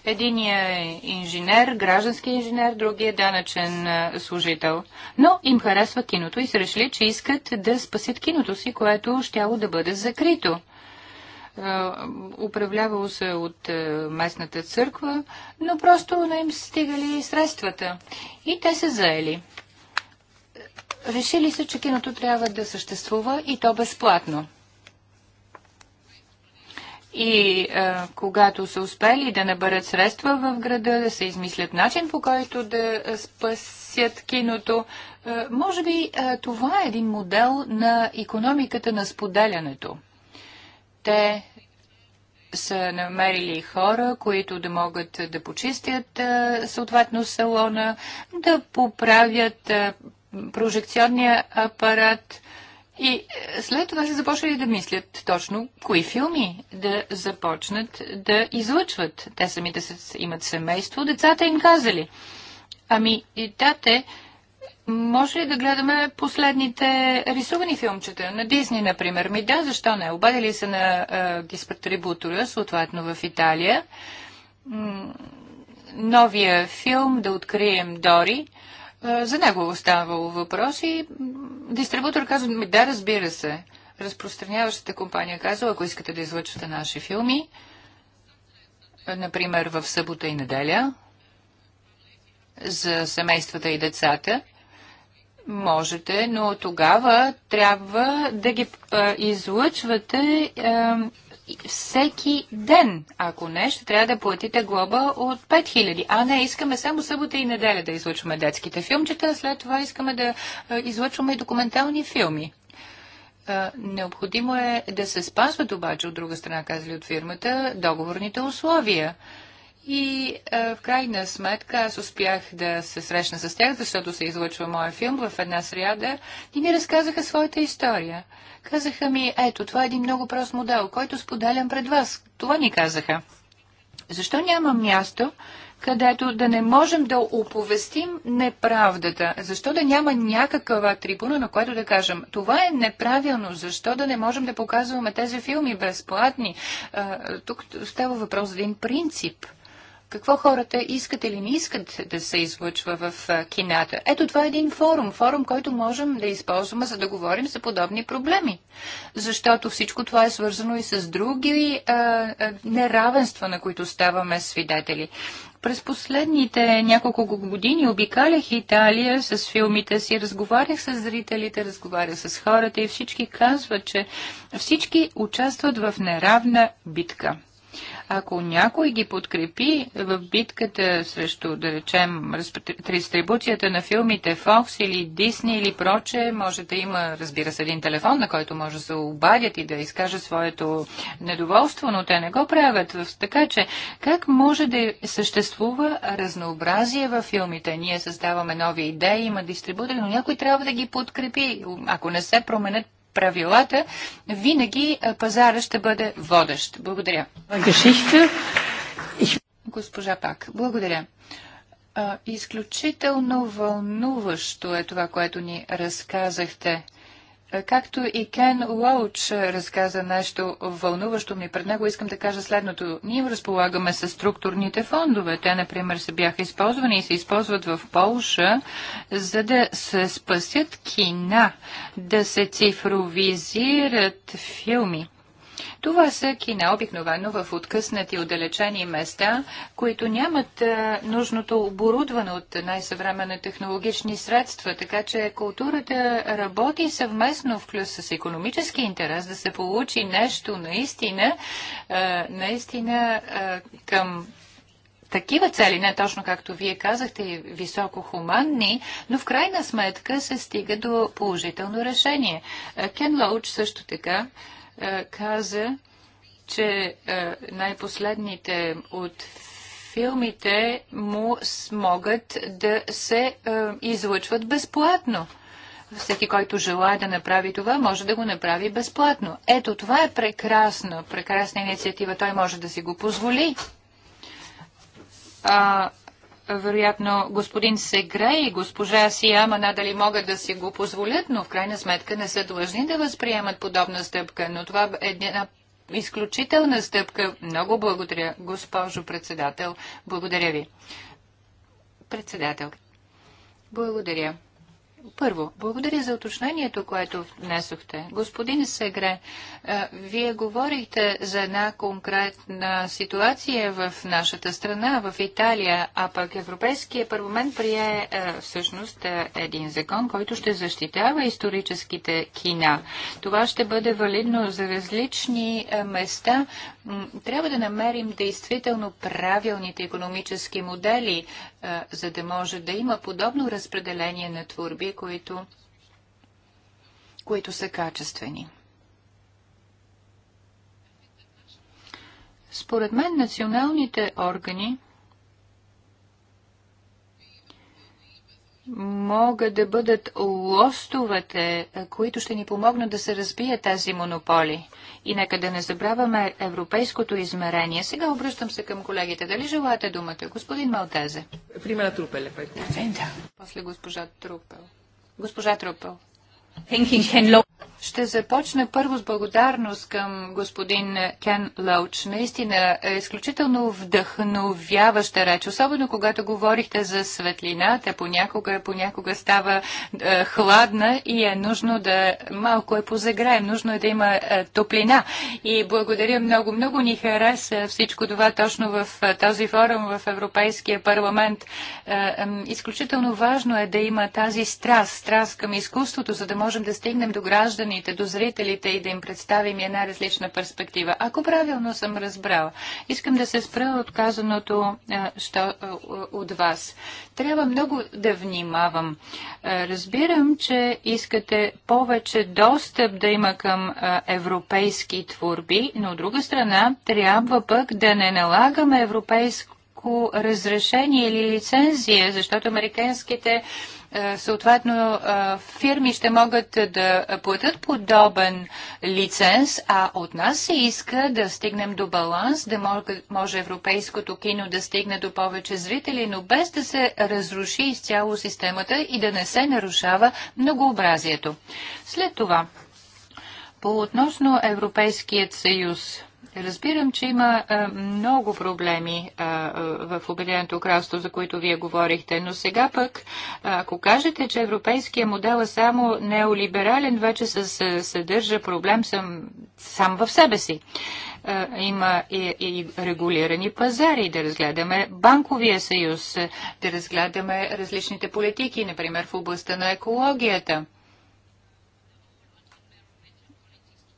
Единият е инженер, граждански инженер, другият е данъчен служител. Но им харесва киното и са решили, че искат да спасят киното си, което щяло да бъде закрито управлявало се от е, местната църква, но просто не им стигали средствата. И те се заели. Решили се, че киното трябва да съществува и то безплатно. И а, е, когато са успели да наберат средства в града, да се измислят начин по който да спасят киното, а, е, може би а, това е един модел на економиката на споделянето. Те са намерили хора, които да могат да почистят съответно салона, да поправят прожекционния апарат. И след това са започнали да мислят точно кои филми да започнат да излъчват. Те самите имат семейство, децата им казали. Ами, и тате, може ли да гледаме последните рисувани филмчета на Дисни, например? Ми да, защо не? Обадили се на е, диспатрибутора, съответно в Италия. новия филм да открием Дори. за него оставало въпрос и дистрибутор казва, ми да, разбира се. Разпространяващата компания казва, ако искате да излъчвате наши филми, например в събота и неделя, за семействата и децата, Можете, но тогава трябва да ги излъчвате всеки ден. Ако не, ще трябва да платите глоба от 5000. А не, искаме само събота и неделя да излъчваме детските филмчета, а след това искаме да излъчваме и документални филми. Необходимо е да се спазват обаче, от друга страна, казали от фирмата, договорните условия. И а, е, в крайна сметка аз успях да се срещна с тях, защото се излъчва моя филм в една сряда и ми разказаха своята история. Казаха ми, ето, това е един много прост модел, който споделям пред вас. Това ни казаха. Защо няма място, където да не можем да оповестим неправдата? Защо да няма някаква трибуна, на която да кажем, това е неправилно, защо да не можем да показваме тези филми безплатни? А, е, тук става въпрос за един принцип какво хората искат или не искат да се излъчва в кината. Ето това е един форум, форум, който можем да използваме, за да говорим за подобни проблеми. Защото всичко това е свързано и с други а, а, неравенства, на които ставаме свидетели. През последните няколко години обикалях Италия с филмите си, разговарях с зрителите, разговарях с хората и всички казват, че всички участват в неравна битка. Ако някой ги подкрепи в битката срещу, да речем, дистрибуцията на филмите Fox или Дисни или проче, може да има, разбира се, един телефон, на който може да се обадят и да изкаже своето недоволство, но те не го правят. Така че, как може да съществува разнообразие във филмите? Ние създаваме нови идеи, има дистрибутори, но някой трябва да ги подкрепи. Ако не се променят правилата, винаги пазара ще бъде водещ. Благодаря. Госпожа Пак, благодаря. Изключително вълнуващо е това, което ни разказахте. Както и Кен Лоуч разказа нещо вълнуващо ми пред него, искам да кажа следното. Ние разполагаме с структурните фондове. Те, например, се бяха използвани и се използват в Полша, за да се спасят кина, да се цифровизират филми. Това са кина обикновено в откъснати, отдалечени места, които нямат е, нужното оборудване от най-съвременни технологични средства, така че културата работи съвместно, вклюс с економически интерес, да се получи нещо наистина, е, наистина е, към такива цели, не точно както вие казахте, високо хуманни, но в крайна сметка се стига до положително решение. Кен Лоуч също така е, каза, че е, най-последните от филмите му могат да се е, излъчват безплатно. Всеки, който желая да направи това, може да го направи безплатно. Ето, това е прекрасно, прекрасна инициатива. Той може да си го позволи. А, вероятно господин Сегре и госпожа Сияма надали могат да си го позволят, но в крайна сметка не са длъжни да възприемат подобна стъпка. Но това е една изключителна стъпка. Много благодаря, госпожо председател. Благодаря ви. Председател. Благодаря. Първо, благодаря за уточнението, което внесохте. Господин Сегре, е, вие говорихте за една конкретна ситуация в нашата страна, в Италия, а пък Европейския парламент прие е, всъщност е, един закон, който ще защитава историческите кина. Това ще бъде валидно за различни места трябва да намерим действително правилните економически модели, е, за да може да има подобно разпределение на творби, които, които са качествени. Според мен националните органи могат да бъдат лостовете, е, които ще ни помогнат да се разбие тези монополи. И нека да не забравяме европейското измерение. Сега обръщам се към колегите. Дали желаете думата? Господин Малтезе. Примерът Трупел е, е После госпожа Трупел. Госпожа Трупел. Ще започна първо с благодарност към господин Кен Лоуч. Наистина е изключително вдъхновяваща реч, особено когато говорихте за светлината. Понякога, понякога става е, хладна и е нужно да малко е позаграем. Нужно е да има е, топлина. И благодаря много. Много ни хареса всичко това точно в е, този форум в Европейския парламент. Е, е, изключително важно е да има тази страст, страст към изкуството, за да може можем да стигнем до гражданите, до зрителите и да им представим една различна перспектива. Ако правилно съм разбрала, искам да се спра от казаното е, що, е, от вас. Трябва много да внимавам. Е, разбирам, че искате повече достъп да има към европейски творби, но от друга страна трябва пък да не налагаме европейско разрешение или лицензия, защото американските е, съответно е, фирми ще могат да платят подобен лиценз, а от нас се иска да стигнем до баланс, да може европейското кино да стигне до повече зрители, но без да се разруши изцяло системата и да не се нарушава многообразието. След това, по относно Европейският съюз, Разбирам, че има а, е, много проблеми а, е, е, в Обединеното кралство, за които вие говорихте, но сега пък, ако кажете, че европейския модел е само неолиберален, вече се съдържа проблем съм сам в себе си. А, има и, и регулирани пазари, да разгледаме банковия съюз, да разгледаме различните политики, например в областта на екологията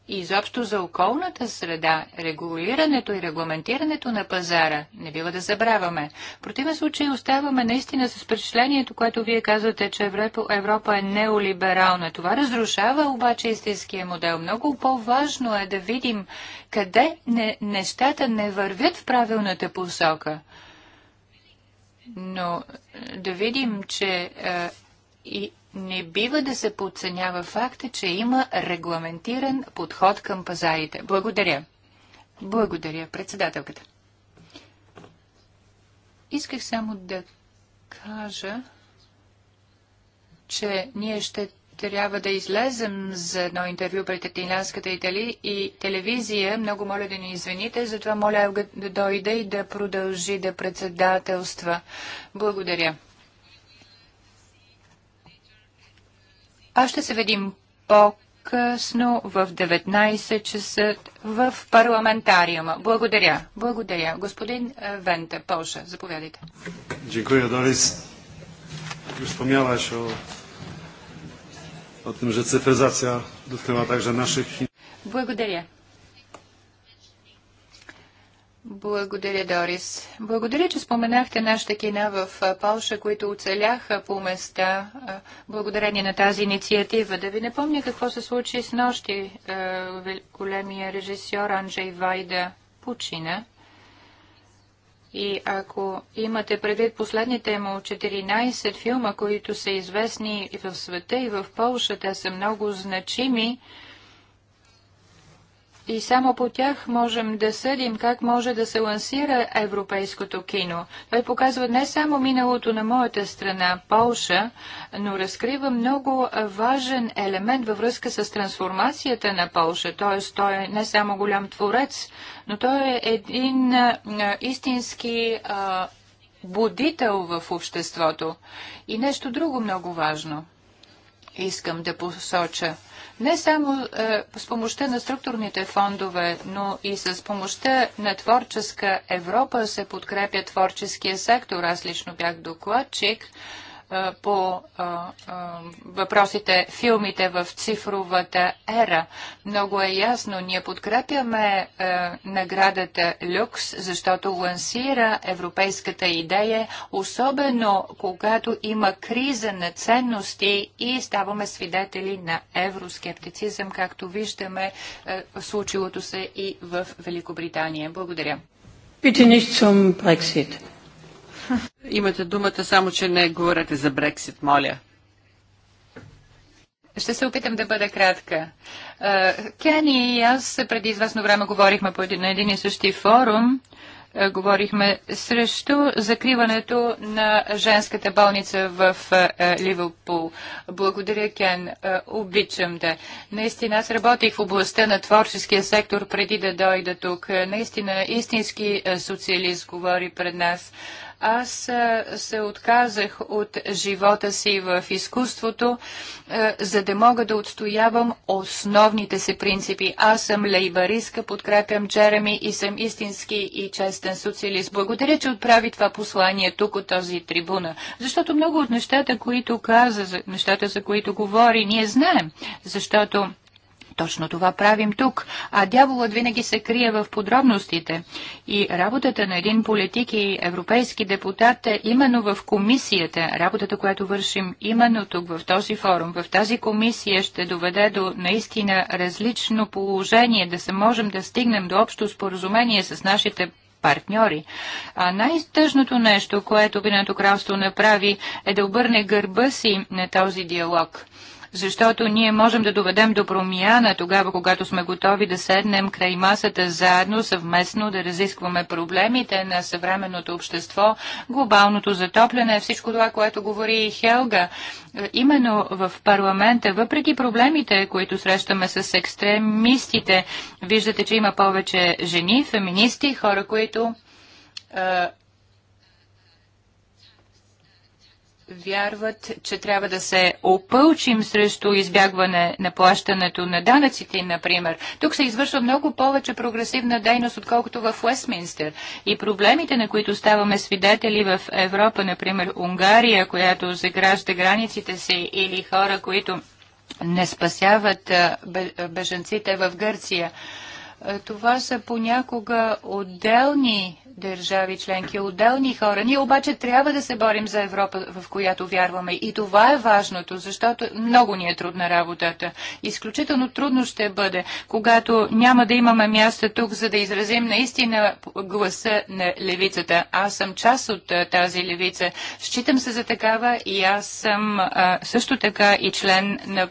и изобщо за околната среда, регулирането и регламентирането на пазара. Не бива да забравяме. В противен случай оставаме наистина с впечатлението, което вие казвате, че Европа е неолиберална. Това разрушава обаче истинския модел. Много по-важно е да видим къде не, нещата не вървят в правилната посока. Но да видим, че е, и не бива да се подценява факта, че има регламентиран подход към пазарите. Благодаря. Благодаря, председателката. Исках само да кажа, че ние ще трябва да излезем за едно интервю пред Атинанската Итали и телевизия. Много моля да ни извините, затова моля да дойде и да продължи да председателства. Благодаря. а ще се видим по-късно в 19 часа в парламентариума. Благодаря. Благодаря. Господин е, Венте, Полша, заповядайте. Дякую, Дорис. Już о... о том, tym, że cyfryzacja также наших... Благодаря. Благодаря, Дорис. Благодаря, че споменахте нашите кина в Полша, които оцеляха по места благодарение на тази инициатива. Да ви напомня какво се случи с нощи. Големия режисьор Анджей Вайда почина. И ако имате предвид последните му 14 филма, които са известни и в света, и в Полша, те са много значими, и само по тях можем да съдим как може да се лансира европейското кино. Той показва не само миналото на моята страна, Полша, но разкрива много важен елемент във връзка с трансформацията на Полша. Т.е. той е не само голям творец, но той е един а, истински а, будител в обществото. И нещо друго много важно искам да посоча – не само е, с помощта на структурните фондове, но и с помощта на Творческа Европа се подкрепя творческия сектор. Аз лично бях докладчик по въпросите, филмите в цифровата ера. Много е ясно, ние подкрепяме наградата Люкс, защото лансира европейската идея, особено когато има криза на ценности и ставаме свидетели на евроскептицизъм, както виждаме случилото се и в Великобритания. Благодаря. Bitte съм Брексит. Имате думата, само че не говорете за Брексит, моля. Ще се опитам да бъда кратка. Е, Кени и аз преди известно време говорихме на един и същи форум е, говорихме срещу закриването на женската болница в е, Ливърпул. Благодаря, Кен. Обичам да. Наистина, аз работих в областта на творческия сектор преди да дойда тук. Наистина, истински социалист говори пред нас. Аз се отказах от живота си в изкуството, за да мога да отстоявам основните си принципи. Аз съм лейбаристка, подкрепям Джереми и съм истински и честен социалист. Благодаря, че отправи това послание тук от този трибуна. Защото много от нещата, които каза, нещата, за които говори, ние знаем. Защото точно това правим тук. А дяволът винаги се крие в подробностите. И работата на един политик и европейски депутат е именно в комисията. Работата, която вършим именно тук, в този форум, в тази комисия ще доведе до наистина различно положение, да се можем да стигнем до общо споразумение с нашите партньори. А най-тъжното нещо, което Обединеното кралство направи, е да обърне гърба си на този диалог защото ние можем да доведем до промяна тогава, когато сме готови да седнем край масата заедно, съвместно да разискваме проблемите на съвременното общество, глобалното затопляне, всичко това, което говори и Хелга. Е, именно в парламента, въпреки проблемите, които срещаме с екстремистите, виждате, че има повече жени, феминисти, хора, които е, вярват, че трябва да се опълчим срещу избягване на плащането на данъците, например. Тук се извършва много повече прогресивна дейност, отколкото в Уестминстър. И проблемите, на които ставаме свидетели в Европа, например Унгария, която загражда границите си, или хора, които не спасяват беженците в Гърция – е, това са понякога отделни държави членки, отделни хора. Ние обаче трябва да се борим за Европа, в която вярваме. И това е важното, защото много ни е трудна работата. Изключително трудно ще бъде, когато няма да имаме място тук, за да изразим наистина гласа на левицата. Аз съм част от е, тази левица. Считам се за такава и аз съм а, е, също така и член на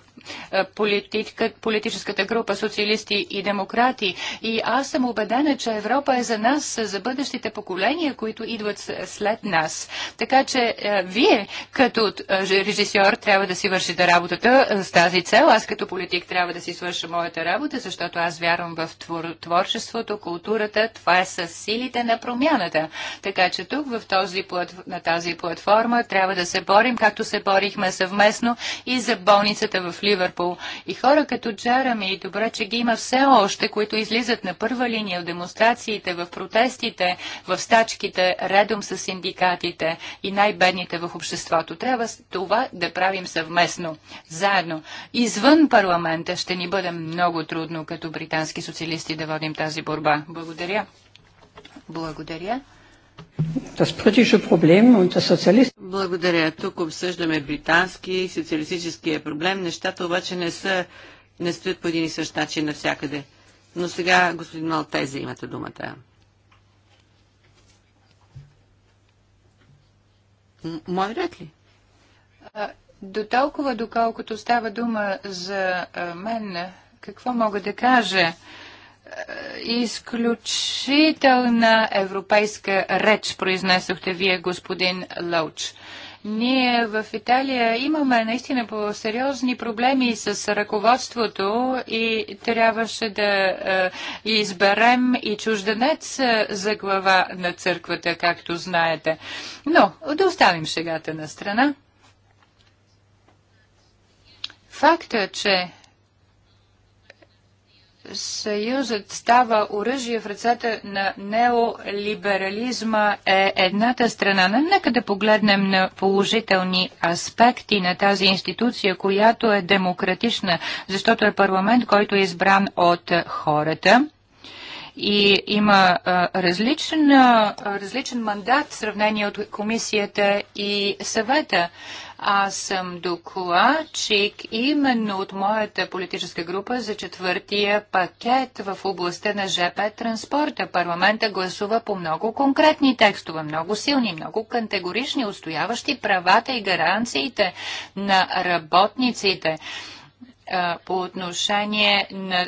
е, политика, политическата група социалисти и демократи. И аз съм убедена, че Европа е за нас, за бъдещите поколения, които идват след нас. Така че е, вие, като е, режисьор, трябва да си вършите работата с тази цел. Аз като политик трябва да си свърша моята работа, защото аз вярвам в твор, творчеството, културата. Това е с силите на промяната. Така че тук, в този, на тази платформа, трябва да се борим, както се борихме съвместно и за болницата в Ливърпул Ливърпул. И хора като и добре, че ги има все още, които излизат на първа линия в демонстрациите, в протестите, в стачките, редом с синдикатите и най-бедните в обществото. Трябва това да правим съвместно, заедно. Извън парламента ще ни бъде много трудно като британски социалисти да водим тази борба. Благодаря. Благодаря. Благодаря. Тук обсъждаме британски и социалистическия проблем. Нещата обаче не са, не стоят по един и същ начин навсякъде. Но сега, господин Малтезе, имате думата. Мой ред ли? До толкова, доколкото става дума за мен, какво мога да кажа? Е, изключителна европейска реч произнесохте вие, господин Лоуч. Ние в Италия имаме наистина по сериозни проблеми с ръководството и трябваше да е, изберем и чужденец е, за глава на църквата, както знаете. Но да оставим шегата на страна. Факта, че съюзът става оръжие в ръцете на неолиберализма е едната страна. Но нека да погледнем на положителни аспекти на тази институция, която е демократична, защото е парламент, който е избран от хората и има а, различен, а, различен мандат в сравнение от комисията и съвета. Аз съм докладчик именно от моята политическа група за четвъртия пакет в областта на ЖП транспорта. Парламента гласува по много конкретни текстове, много силни, много категорични, устояващи правата и гаранциите на работниците по отношение на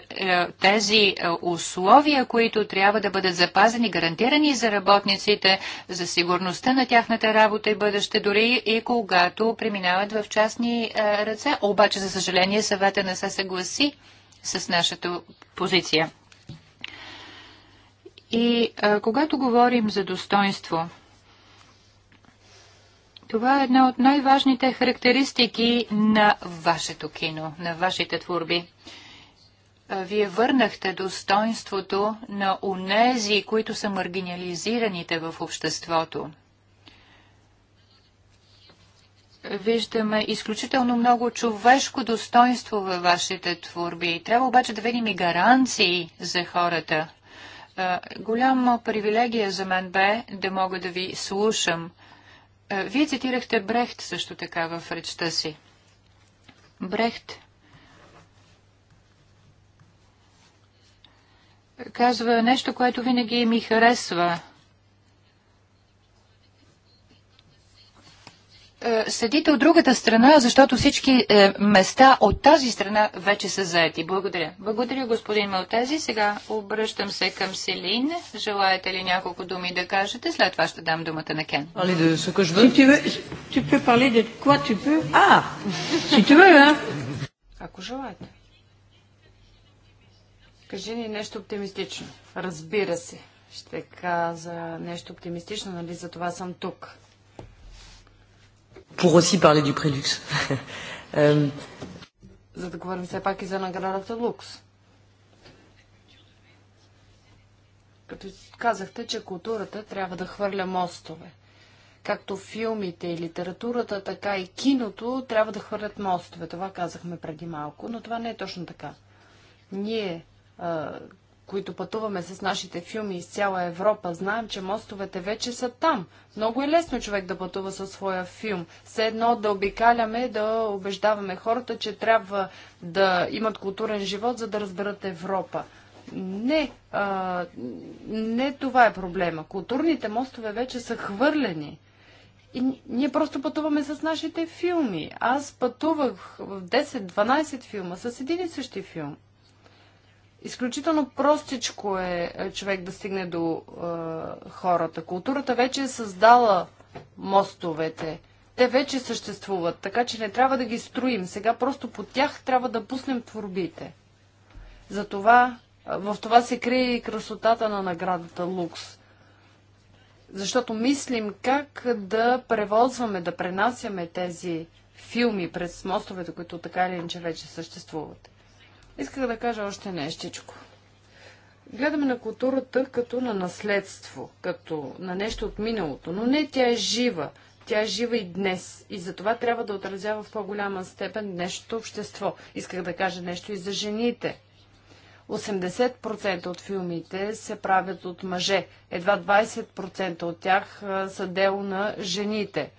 тези условия, които трябва да бъдат запазени, гарантирани за работниците, за сигурността на тяхната работа и бъдеще, дори и когато преминават в частни ръце. Обаче, за съжаление, съвета не се съгласи с нашата позиция. И когато говорим за достоинство, това е една от най-важните характеристики на вашето кино, на вашите творби. Вие върнахте достоинството на унези, които са маргинализираните в обществото. Виждаме изключително много човешко достоинство във вашите творби. Трябва обаче да видим и гаранции за хората. Голяма привилегия за мен бе да мога да ви слушам – е, вие цитирахте Брехт също така в речта си. Брехт казва нещо, което винаги ми харесва Е, седите от другата страна, защото всички е, места от тази страна вече са заети. Благодаря. Благодаря, господин Малтези. Сега обръщам се към Селин. Желаете ли няколко думи да кажете? След това ще дам думата на Кен. А, ah! Ако желаете. Кажи ни нещо оптимистично. Разбира се. Ще каза нещо оптимистично, нали? За това съм тук pour aussi parler du Prélux. <laughs> Euh, за да говорим все пак и за наградата Лукс. Като казахте, че културата трябва да хвърля мостове. Както филмите и литературата, така и киното трябва да хвърлят мостове. Това казахме преди малко, но това не е точно така. Ние които пътуваме с нашите филми из цяла Европа, знаем, че мостовете вече са там. Много е лесно човек да пътува със своя филм. Все едно да обикаляме, да убеждаваме хората, че трябва да имат културен живот, за да разберат Европа. Не, а, не това е проблема. Културните мостове вече са хвърлени. И ние просто пътуваме с нашите филми. Аз пътувах в 10-12 филма с един и същи филм. Изключително простичко е, е човек да стигне до е, хората. Културата вече е създала мостовете. Те вече съществуват, така че не трябва да ги строим. Сега просто по тях трябва да пуснем творбите. Затова е, в това се крие и красотата на наградата Лукс. Защото мислим как да превозваме, да пренасяме тези филми през мостовете, които така или иначе вече съществуват. Исках да кажа още нещичко. Гледаме на културата като на наследство, като на нещо от миналото, но не тя е жива. Тя е жива и днес. И затова трябва да отразява в по-голяма степен днешното общество. Исках да кажа нещо и за жените. 80% от филмите се правят от мъже. Едва 20% от тях са дело на жените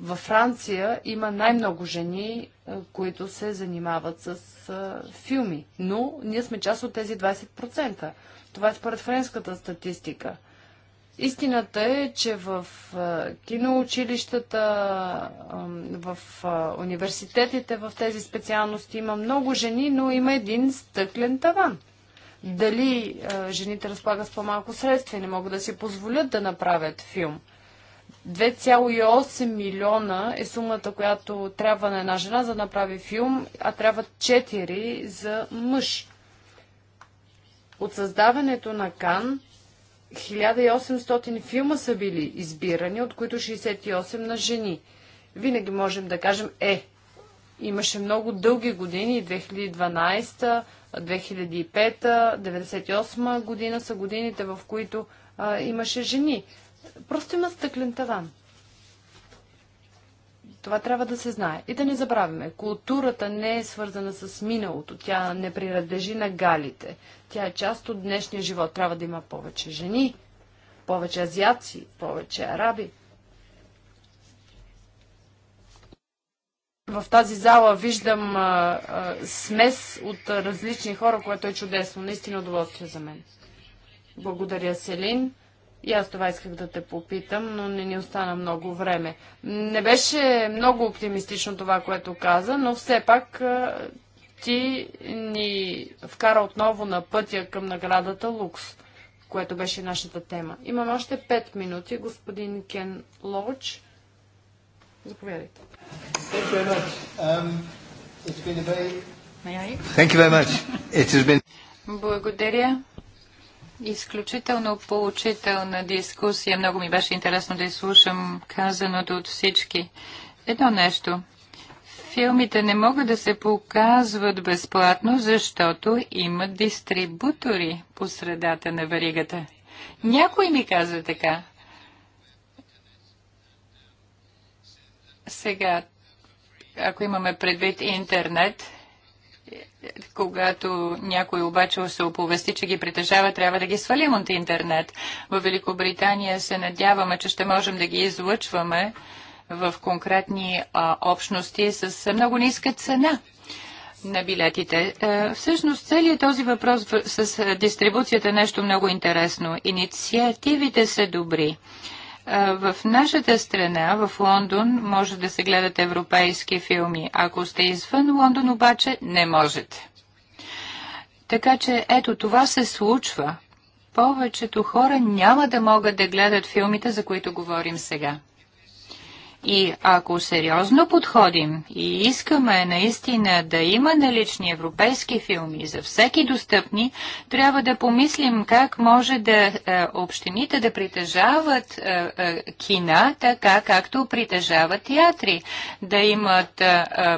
във Франция има най-много жени, е, които се занимават с е, филми, но ние сме част от тези 20%. Това е според френската статистика. Истината е, че в е, киноучилищата, в университетите, в тези специалности има много жени, но има един стъклен таван. Дали жените разполагат с по-малко средства и не могат да си позволят да направят филм – 2,8 милиона е сумата, която трябва на една жена за да направи филм, а трябва 4 за мъж. От създаването на Кан 1800 филма са били избирани, от които 68 на жени. Винаги можем да кажем е. Имаше много дълги години, 2012, 2005, 98 година са годините, в които а, имаше жени. Просто има стъклен таван. Това трябва да се знае. И да не забравяме, културата не е свързана с миналото, тя не принадлежи на галите. Тя е част от днешния живот. Трябва да има повече жени, повече азиаци, повече араби. В тази зала виждам а, а, смес от различни хора, което е чудесно. Наистина удоволствие за мен. Благодаря, Селин. И аз това исках да те попитам, но не ни остана много време. Не беше много оптимистично това, което каза, но все пак ти ни вкара отново на пътя към наградата Лукс, което беше нашата тема. Имам още 5 минути. Господин Кен Лоуч, заповядайте. Um, Благодаря. Благодаря. Изключително поучителна дискусия. Много ми беше интересно да изслушам казаното от всички. Едно нещо. Филмите не могат да се показват безплатно, защото имат дистрибутори по средата на варигата. Някой ми каза така. Сега, ако имаме предвид интернет, когато някой обаче се оповести, че ги притежава, трябва да ги свалим от интернет. В Великобритания се надяваме, че ще можем да ги излъчваме в конкретни а, общности с много ниска цена на билетите. Е, всъщност целият този въпрос с е, дистрибуцията е нещо много интересно. Инициативите са добри. В нашата страна, в Лондон, може да се гледат европейски филми. Ако сте извън Лондон, обаче, не можете. Така че, ето, това се случва. Повечето хора няма да могат да гледат филмите, за които говорим сега. И ако сериозно подходим и искаме наистина да има налични европейски филми за всеки достъпни, трябва да помислим как може да е, общините да притежават е, е, кина, така както притежават театри. Да имат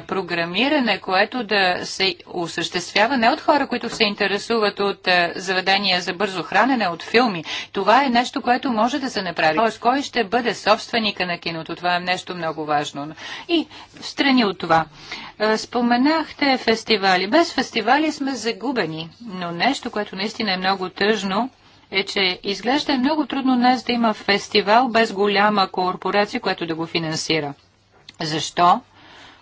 програмиране, което да се осъществява не от хора, които се интересуват от заведения за бързо хранене, от филми. Това е нещо, което може да се направи. Тоест, кой ще бъде собственика на киното? Това е нещо нещо много важно. И в страни от това. Е, споменахте фестивали. Без фестивали сме загубени, но нещо, което наистина е много тъжно, е, че изглежда е много трудно днес да има фестивал без голяма корпорация, която да го финансира. Защо?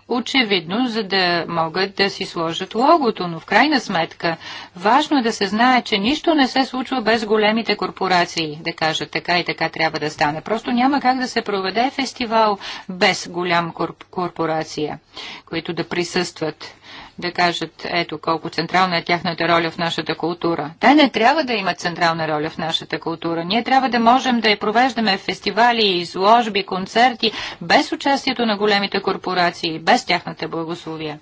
очевидно, за да могат да си сложат логото, но в крайна сметка важно е да се знае, че нищо не се случва без големите корпорации, да кажат така и така трябва да стане. Просто няма как да се проведе фестивал без голям корп- корпорация, които да присъстват да кажат, ето колко централна е тяхната роля в нашата култура. Те не трябва да имат централна роля в нашата култура. Ние трябва да можем да я провеждаме в фестивали, изложби, концерти, без участието на големите корпорации, без тяхната благословия.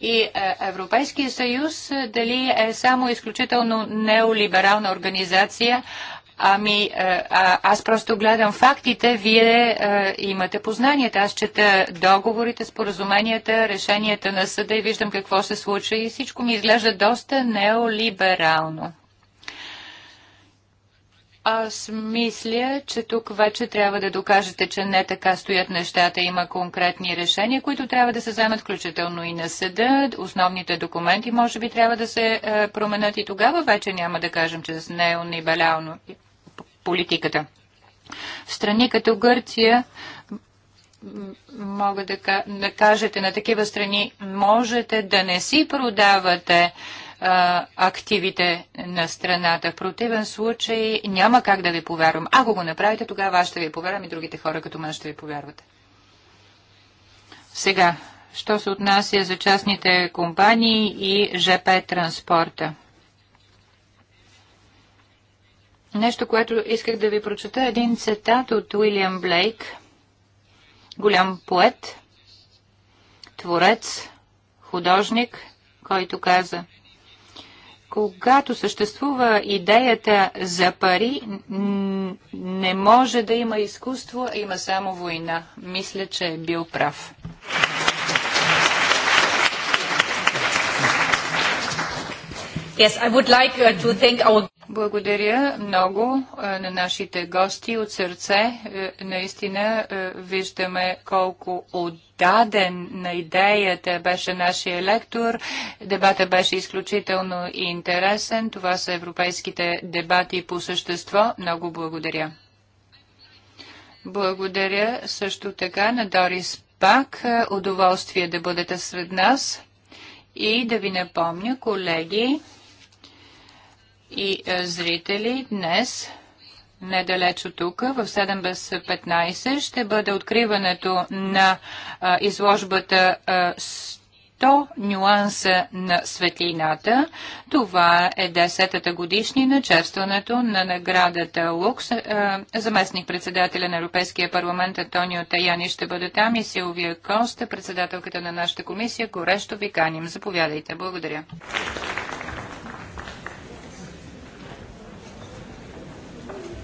И е, Европейския съюз е, дали е само изключително неолиберална организация, Ами, е, а, аз просто гледам фактите, вие а, е, имате познанията. Аз чета договорите, споразуменията, решенията на съда и виждам какво се случва и всичко ми изглежда доста неолиберално. Аз мисля, че тук вече трябва да докажете, че не така стоят нещата. Има конкретни решения, които трябва да се вземат, включително и на съда. Основните документи може би трябва да се е, променят и тогава вече няма да кажем, че с неонибелялно политиката. В страни като Гърция мога да кажете на такива страни, можете да не си продавате активите на страната. В противен случай няма как да ви повярвам. Ако го направите, тогава аз ще ви повярвам и другите хора като мен ще ви повярват. Сега, що се отнася за частните компании и ЖП транспорта? Нещо, което исках да ви прочета, е един цитат от Уилям Блейк, голям поет, творец, художник, който каза когато съществува идеята за пари, не може да има изкуство, има само война. Мисля, че е бил прав. Yes, I would like uh, to thank our благодаря много е, на нашите гости от сърце. Е, наистина е, виждаме колко отдаден на идеята беше нашия лектор. Дебата беше изключително интересен. Това са европейските дебати по същество. Много благодаря. Благодаря също така на Дорис Пак. Удоволствие да бъдете сред нас. И да ви напомня, колеги, и е, зрители днес недалеч от тук, в 7 без 15, ще бъде откриването на а, изложбата а, 100 нюанса на светлината. Това е 10-та на черстването на наградата Лукс. Е, е, заместник председателя на Европейския парламент Антонио Таяни ще бъде там и Силвия Коста, председателката на нашата комисия. Горещо ви каним. Заповядайте. Благодаря.